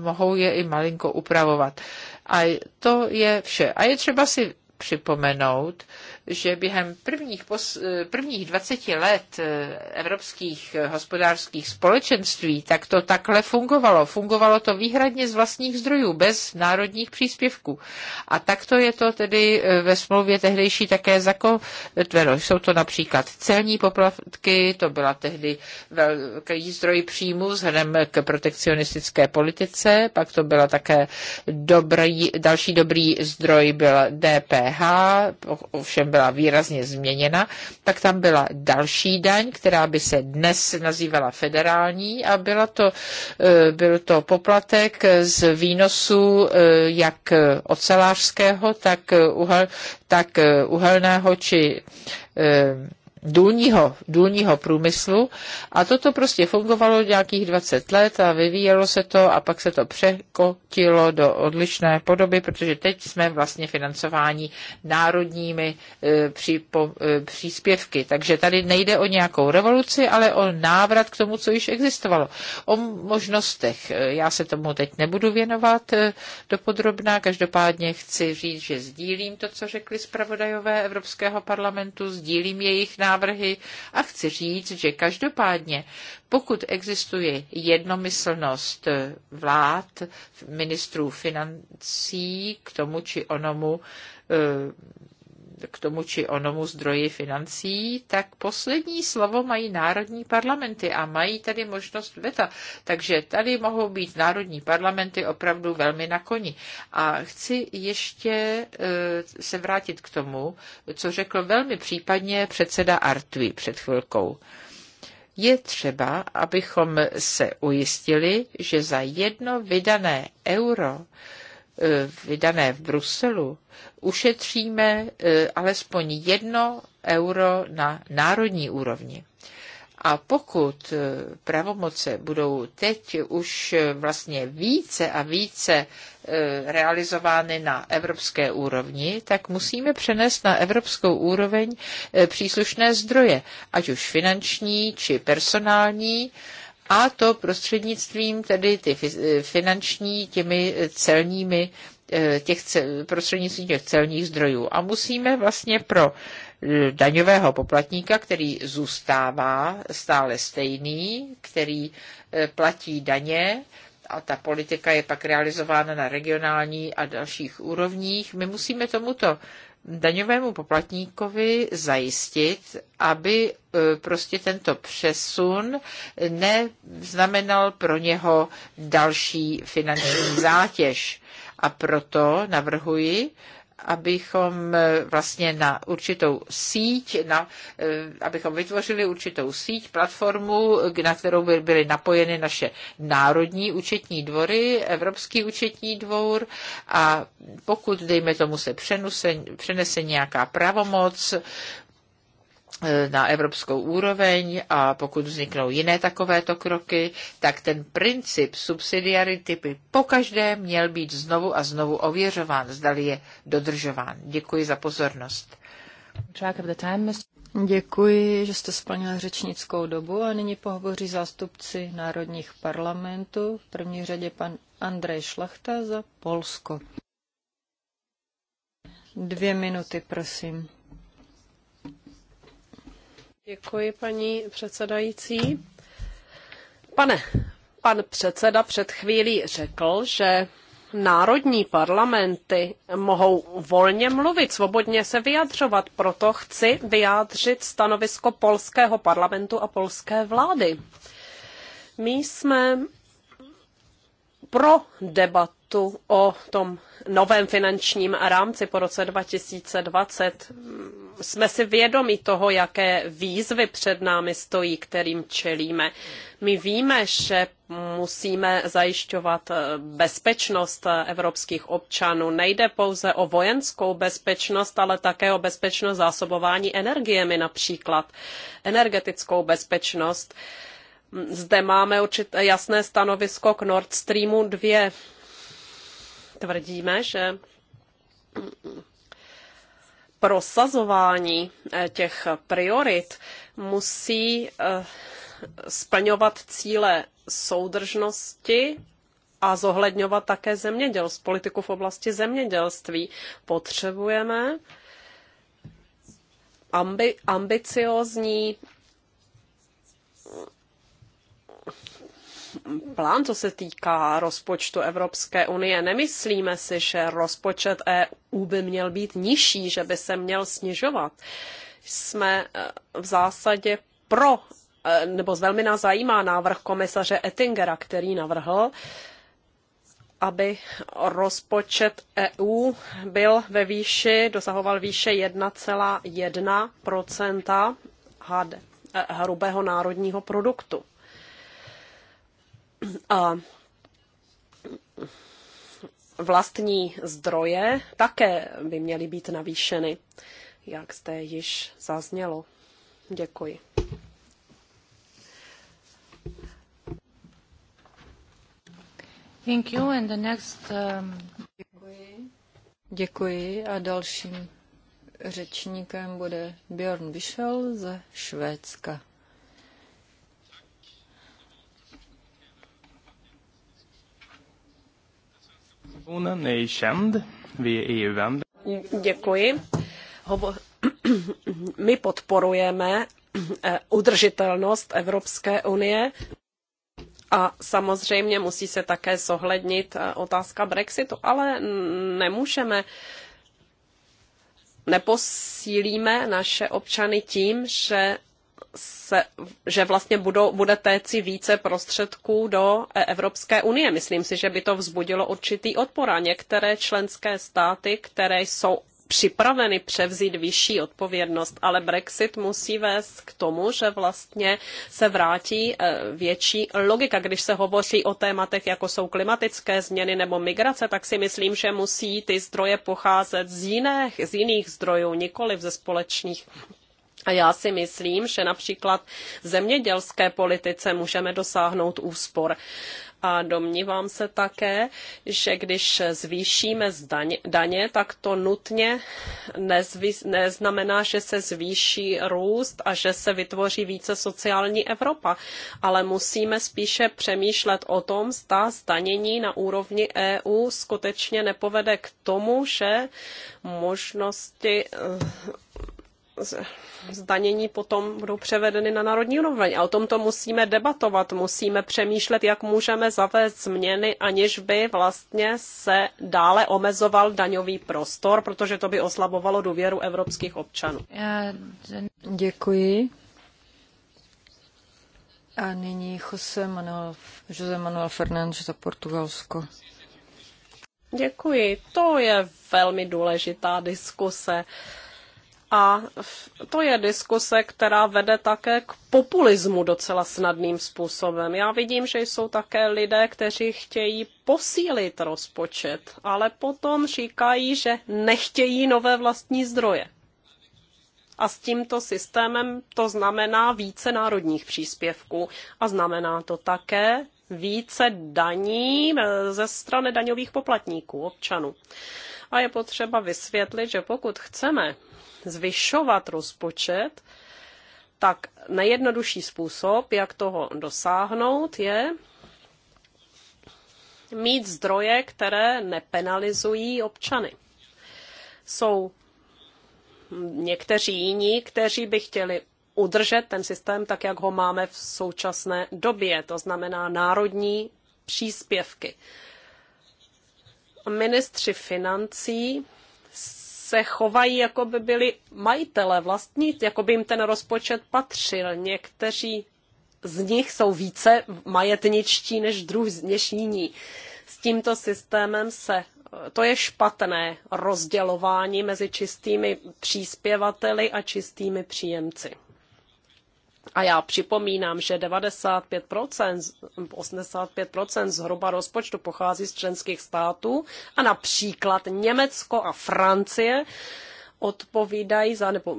mohou je i malinko upravovat. A to je vše. A je třeba si připomenout, že během prvních, pos, eh, prvních 20 let eh, evropských eh, hospodářských společenství, tak to takhle fungovalo. Fungovalo to výhradně z vlastních zdrojů, bez národních příspěvků. A takto je to tedy ve smlouvě tehdejší také zakotveno. Jsou to například celní poplatky, to byla tehdy velký zdroj příjmu vzhledem k protekcionistické politice, pak to byla také dobrý, další dobrý zdroj byl DPH, ovšem byla výrazně změněna, tak tam byla další daň, která by se dnes nazývala federální a byla to, e, byl to poplatek z výnosu e, jak ocelářského, tak, e, uhel, tak uhelného či důlního, důlního průmyslu a toto prostě fungovalo nějakých 20 let a vyvíjelo se to a pak se to překotilo do odlišné podoby, protože teď jsme vlastně financováni národními e, při, po, e, příspěvky. Takže tady nejde o nějakou revoluci, ale o návrat k tomu, co již existovalo. O možnostech. E, já se tomu teď nebudu věnovat e, dopodrobná, každopádně chci říct, že sdílím to, co řekli zpravodajové Evropského parlamentu, sdílím jejich návrat návrhy a chci říct, že každopádně, pokud existuje jednomyslnost vlád, ministrů financí k tomu či onomu eh, k tomu či onomu zdroji financí, tak poslední slovo mají národní parlamenty a mají tady možnost veta. Takže tady mohou být národní parlamenty opravdu velmi na koni. A chci ještě e, se vrátit k tomu, co řekl velmi případně předseda Artvi před chvilkou je třeba, abychom se ujistili, že za jedno vydané euro E, vydané v Bruselu, ušetříme e, alespoň jedno euro na národní úrovni. A pokud e, pravomoce budou teď už vlastně více a více realizovány na evropské úrovni, tak musíme přenést na evropskou úroveň příslušné zdroje, ať už finanční či personální, a to prostřednictvím tedy ty finanční, těmi celními, eh, těch prostřednictvím těch celních zdrojů. A musíme vlastně pro eh, daňového poplatníka, který zůstává stále stejný, který eh, platí daně, a ta politika je pak realizována na regionální a dalších úrovních. My musíme tomuto daňovému poplatníkovi zajistit, aby e, prostě tento přesun neznamenal pro něho další finanční zátěž. A proto navrhuji, abychom eh, vlastně na určitou síť, na, eh, abychom vytvořili určitou síť, platformu, na kterou by byly napojeny naše národní účetní dvory, Evropský účetní dvor a pokud, dejme tomu, se přenuse, přenese nějaká pravomoc, Eh, na evropskou úroveň a pokud vzniknou jiné takovéto kroky, tak ten princip subsidiarity by pokaždé měl být znovu a znovu ověřován, zdali je dodržován. Děkuji za pozornost. Děkuji, že jste splnil řečnickou dobu a nyní pohovoří zástupci národních parlamentů, v první řadě pan Andrej Šlachta za Polsko. Dvě minuty, prosím. Děkuji, paní předsedající. Pane, pan předseda před chvílí řekl, že národní parlamenty mohou volně mluvit, svobodně se vyjadřovat. Proto chci vyjádřit stanovisko polského parlamentu a polské vlády. My jsme pro debatu debatu o tom novém finančním rámci po roce 2020. Jsme si vědomi toho, jaké výzvy před námi stojí, kterým čelíme. My víme, že musíme zajišťovat eh, bezpečnost eh, evropských občanů. Nejde pouze o vojenskou bezpečnost, ale také o bezpečnost zásobování energiemi například, energetickou bezpečnost. Zde máme určité jasné stanovisko k Nord Streamu 2 tvrdíme, že prosazování eh, těch priorit musí eh, splňovat cíle soudržnosti a zohledňovat také zemědělství, politiku v oblasti zemědělství. Potřebujeme ambi, ambiciozní plán, co se týká rozpočtu Evropské unie. Nemyslíme si, že rozpočet EU by měl být nižší, že by se měl snižovat. Jsme eh, v zásadě pro, eh, nebo velmi nás zajímá návrh komisaře Ettingera, který navrhl, aby rozpočet EU byl ve výši, dosahoval výše 1,1 eh, hrubého národního produktu a vlastní zdroje také by měly být navýšeny, jak zde již zaznělo. Děkuji. Thank you. And the next, um... Děkuji. Děkuji a dalším řečníkem bude Björn Bischel ze Švédska. Děkuji. My podporujeme eh, udržitelnost Evropské unie a samozřejmě musí se také zohlednit eh, otázka Brexitu, ale nemůžeme neposílíme naše občany tím, že se, že vlastně budou, bude téci více prostředků do e- Evropské unie. Myslím si, že by to vzbudilo určitý odpor a některé členské státy, které jsou připraveny převzít vyšší odpovědnost, ale Brexit musí vést k tomu, že vlastně se vrátí e, větší logika. Když se hovoří o tématech, jako jsou klimatické změny nebo migrace, tak si myslím, že musí ty zdroje pocházet z jiných, z jiných zdrojů, nikoli ze společných a já si myslím, že například v zemědělské politice můžeme dosáhnout úspor. A domnívám se také, že když zvýšíme daně, tak to nutně neznamená, že se zvýší růst a že se vytvoří více sociální Evropa. Ale musíme spíše přemýšlet o tom, zda zdanění na úrovni EU skutečně nepovede k tomu, že možnosti eh, zdanění potom budou převedeny na národní úroveň. A o tomto musíme debatovat, musíme přemýšlet, jak můžeme zavést změny, aniž by vlastně se dále omezoval daňový prostor, protože to by oslabovalo důvěru evropských občanů. Děkuji. A nyní José Manuel, José Manuel Fernández za Portugalsko. Děkuji. To je velmi důležitá diskuse. A to je diskuse, která vede také k populismu docela snadným způsobem. Já vidím, že jsou také lidé, kteří chtějí posílit rozpočet, ale potom říkají, že nechtějí nové vlastní zdroje. A s tímto systémem to znamená více národních příspěvků a znamená to také více daní eh, ze strany daňových poplatníků, občanů. A je potřeba vysvětlit, že pokud chceme zvyšovat rozpočet, tak nejjednodušší způsob, jak toho dosáhnout, je mít zdroje, které nepenalizují občany. Jsou někteří jiní, kteří by chtěli udržet ten systém tak, jak ho máme v současné době, to znamená národní příspěvky ministři financí se chovají, jako by byli majitele vlastní, jako by jim ten rozpočet patřil. Někteří z nich jsou více majetničtí než, druh, než jiní. S tímto systémem se to je špatné rozdělování mezi čistými příspěvateli a čistými příjemci. A já připomínám, že 95%, 85% zhruba rozpočtu pochází z členských států a například Německo a Francie odpovídají za, nebo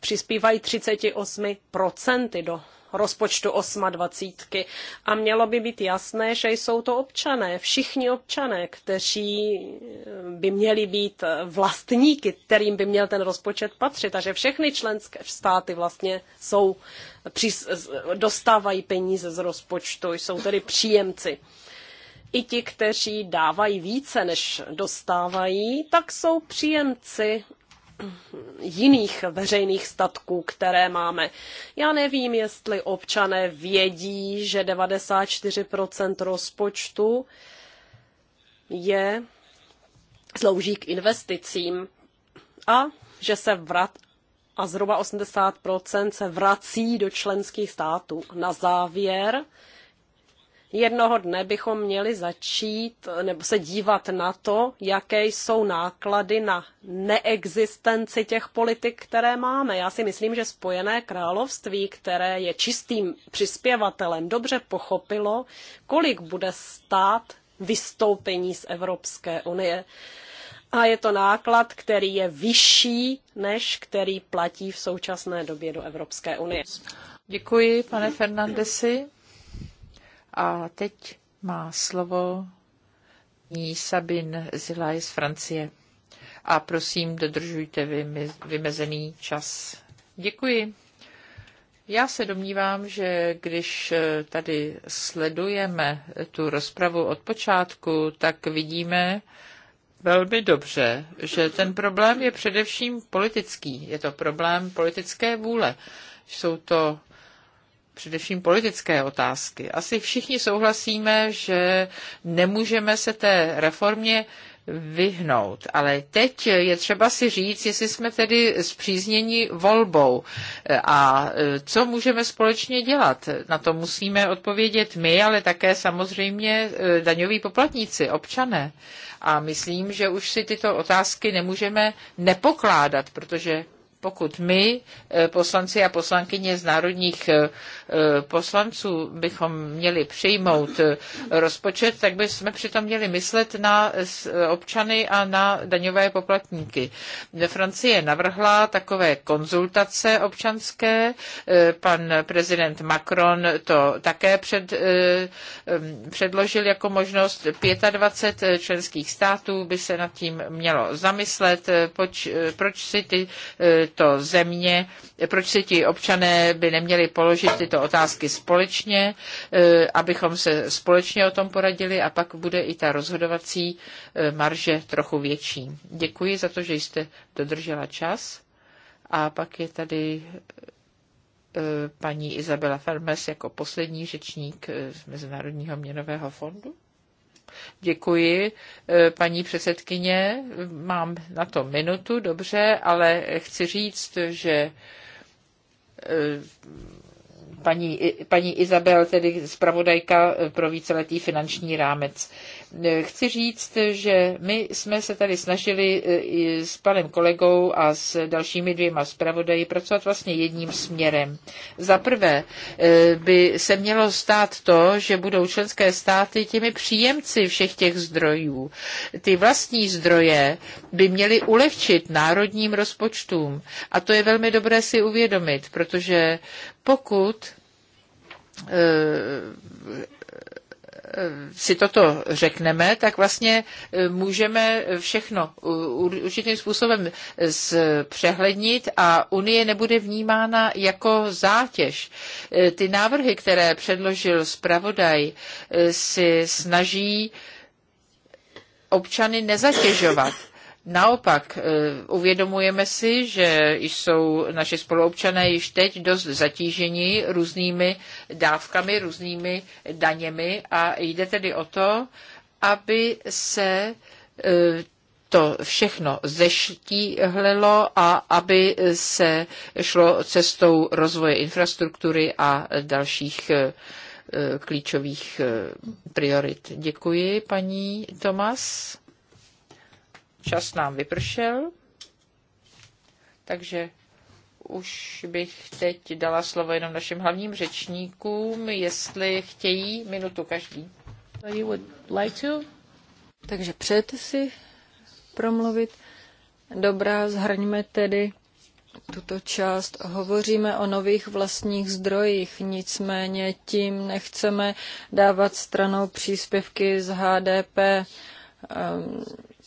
přispívají 38% do rozpočtu 28. A mělo by být jasné, že jsou to občané, všichni občané, kteří eh, by měli být vlastníky, kterým by měl ten rozpočet patřit. A že všechny členské státy vlastně jsou, dostávají peníze z rozpočtu, jsou tedy příjemci i ti, kteří dávají více, než dostávají, tak jsou příjemci jiných veřejných statků, které máme. Já nevím, jestli občané vědí, že 94% rozpočtu je slouží k investicím a že se vrat a zhruba 80% se vrací do členských států. Na závěr Jednoho dne bychom měli začít nebo se dívat na to, jaké jsou náklady na neexistenci těch politik, které máme. Já si myslím, že Spojené království, které je čistým přispěvatelem, dobře pochopilo, kolik bude stát vystoupení z Evropské unie a je to náklad, který je vyšší, než který platí v současné době do Evropské unie. Děkuji, pane Fernandesi. A teď má slovo ní Sabine Zilaj z Francie. A prosím, dodržujte vymezený čas. Děkuji. Já se domnívám, že když tady sledujeme tu rozpravu od počátku, tak vidíme velmi dobře, že ten problém je především politický. Je to problém politické vůle. Jsou to především politické otázky. Asi všichni souhlasíme, že nemůžeme se té reformě vyhnout. Ale teď je třeba si říct, jestli jsme tedy zpřízněni volbou a e, co můžeme společně dělat. Na to musíme odpovědět my, ale také samozřejmě e, daňoví poplatníci, občané. A myslím, že už si tyto otázky nemůžeme nepokládat, protože pokud my, eh, poslanci a poslankyně z národních eh, eh, poslanců, bychom měli přijmout rozpočet, tak bychom přitom měli myslet na občany a na daňové poplatníky. Francie navrhla takové konzultace občanské, pan prezident Macron to také před, předložil jako možnost. 25 členských států by se nad tím mělo zamyslet, poč, proč si ty tyto země, proč si ti občané by neměli položit tyto otázky společně, eh, abychom se společně o tom poradili a pak bude i ta rozhodovací eh, marže trochu větší. Děkuji za to, že jste dodržela čas. A pak je tady eh, paní Izabela Fermes jako poslední řečník z Mezinárodního měnového fondu. Děkuji, eh, paní předsedkyně. Mám na to minutu, dobře, ale chci říct, že eh, paní, paní Izabel, tedy zpravodajka pro víceletý finanční rámec. E, chci říct, že my jsme se tady snažili e, s panem kolegou a s dalšími dvěma zpravodaji pracovat vlastně jedním směrem. Za prvé e, by se mělo stát to, že budou členské státy těmi příjemci všech těch zdrojů. Ty vlastní zdroje by měly ulehčit národním rozpočtům. A to je velmi dobré si uvědomit, protože pokud si toto řekneme, tak vlastně e, můžeme všechno určitým způsobem přehlednit a Unie nebude vnímána jako zátěž. E, ty návrhy, které předložil zpravodaj, e, si snaží občany nezatěžovat Naopak, eh, uvědomujeme si, že jsou naše spoluobčané již teď dost zatíženi různými dávkami, různými daněmi a jde tedy o to, aby se eh, to všechno zeštíhlilo a aby se šlo cestou rozvoje infrastruktury a dalších eh, klíčových priorit. Děkuji, paní Tomas. Čas nám vypršel, takže už bych teď dala slovo jenom našim hlavním řečníkům, jestli chtějí minutu každý. You would like to? Takže přejete si promluvit? Dobrá, zhrňme tedy tuto část. Hovoříme o nových vlastních zdrojích, nicméně tím nechceme dávat stranou příspěvky z HDP. Um, ehm,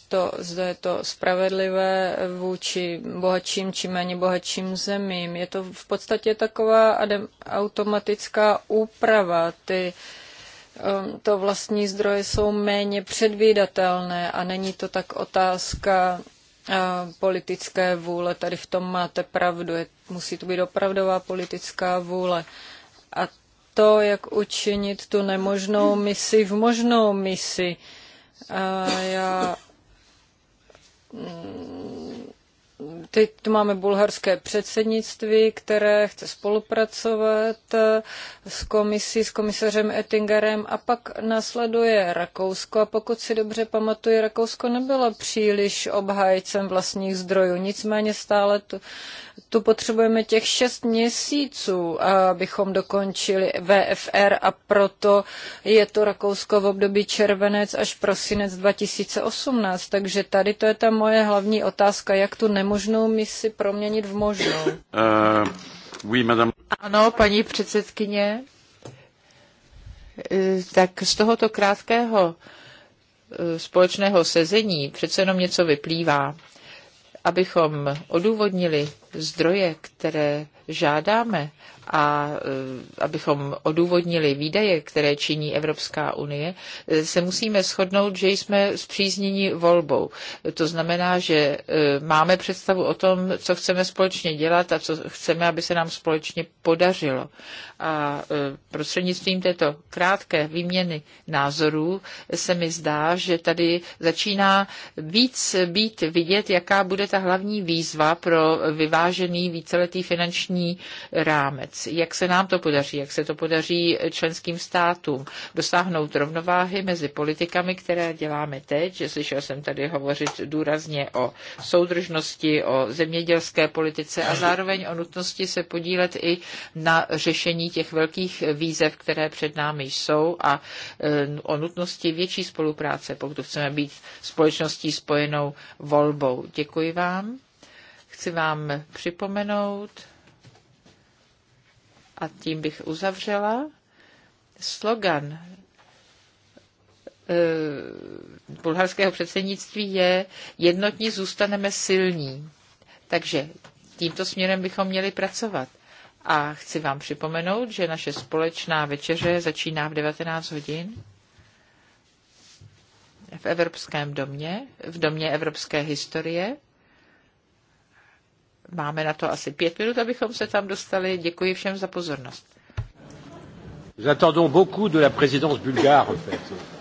to, zda je to spravedlivé vůči bohatším či méně bohatším zemím. Je to v podstatě taková automatická úprava. Ty um, to vlastní zdroje jsou méně předvídatelné a není to tak otázka uh, politické vůle. Tady v tom máte pravdu. Je, musí to být opravdová politická vůle. A to, jak učinit tu nemožnou misi v možnou misi. A já Teď tu máme bulharské předsednictví, které chce spolupracovat s komisí, s komisařem Ettingerem a pak následuje Rakousko. A pokud si dobře pamatuju, Rakousko nebylo příliš obhájcem vlastních zdrojů, nicméně stále tu tu potřebujeme těch šest měsíců, abychom dokončili VFR a proto je to Rakousko v období červenec až prosinec 2018. Takže tady to je ta moje hlavní otázka, jak tu nemožnou misi proměnit v možnou. Uh, oui, madame. Ano, paní předsedkyně. Eh, tak z tohoto krátkého eh, společného sezení přece jenom něco vyplývá abychom odůvodnili zdroje, které žádáme a eh, abychom odůvodnili výdaje, které činí Evropská unie, eh, se musíme shodnout, že jsme zpřízněni volbou. To znamená, že eh, máme představu o tom, co chceme společně dělat a co chceme, aby se nám společně podařilo. A prostřednictvím této krátké výměny názorů se mi zdá, že tady začíná víc být vidět, jaká bude ta hlavní výzva pro vyvážený víceletý finanční rámec. Jak se nám to podaří, jak se to podaří členským státům dosáhnout rovnováhy mezi politikami, které děláme teď. Slyšel jsem tady hovořit důrazně o soudržnosti, o zemědělské politice a zároveň o nutnosti se podílet i na řešení těch velkých výzev, které před námi jsou a eh, o nutnosti větší spolupráce, pokud chceme být společností spojenou volbou. Děkuji vám. Chci vám připomenout, a tím bych uzavřela, slogan e, bulharského předsednictví je jednotní zůstaneme silní. Takže tímto směrem bychom měli pracovat. A chci vám připomenout, že naše společná večeře začíná v 19 hodin v Evropském domě, v domě Evropské historie Máme na to asi pět minut, abychom se tam dostali. Děkuji všem za pozornost. Nous attendons beaucoup de la présidence bulgare, en fait.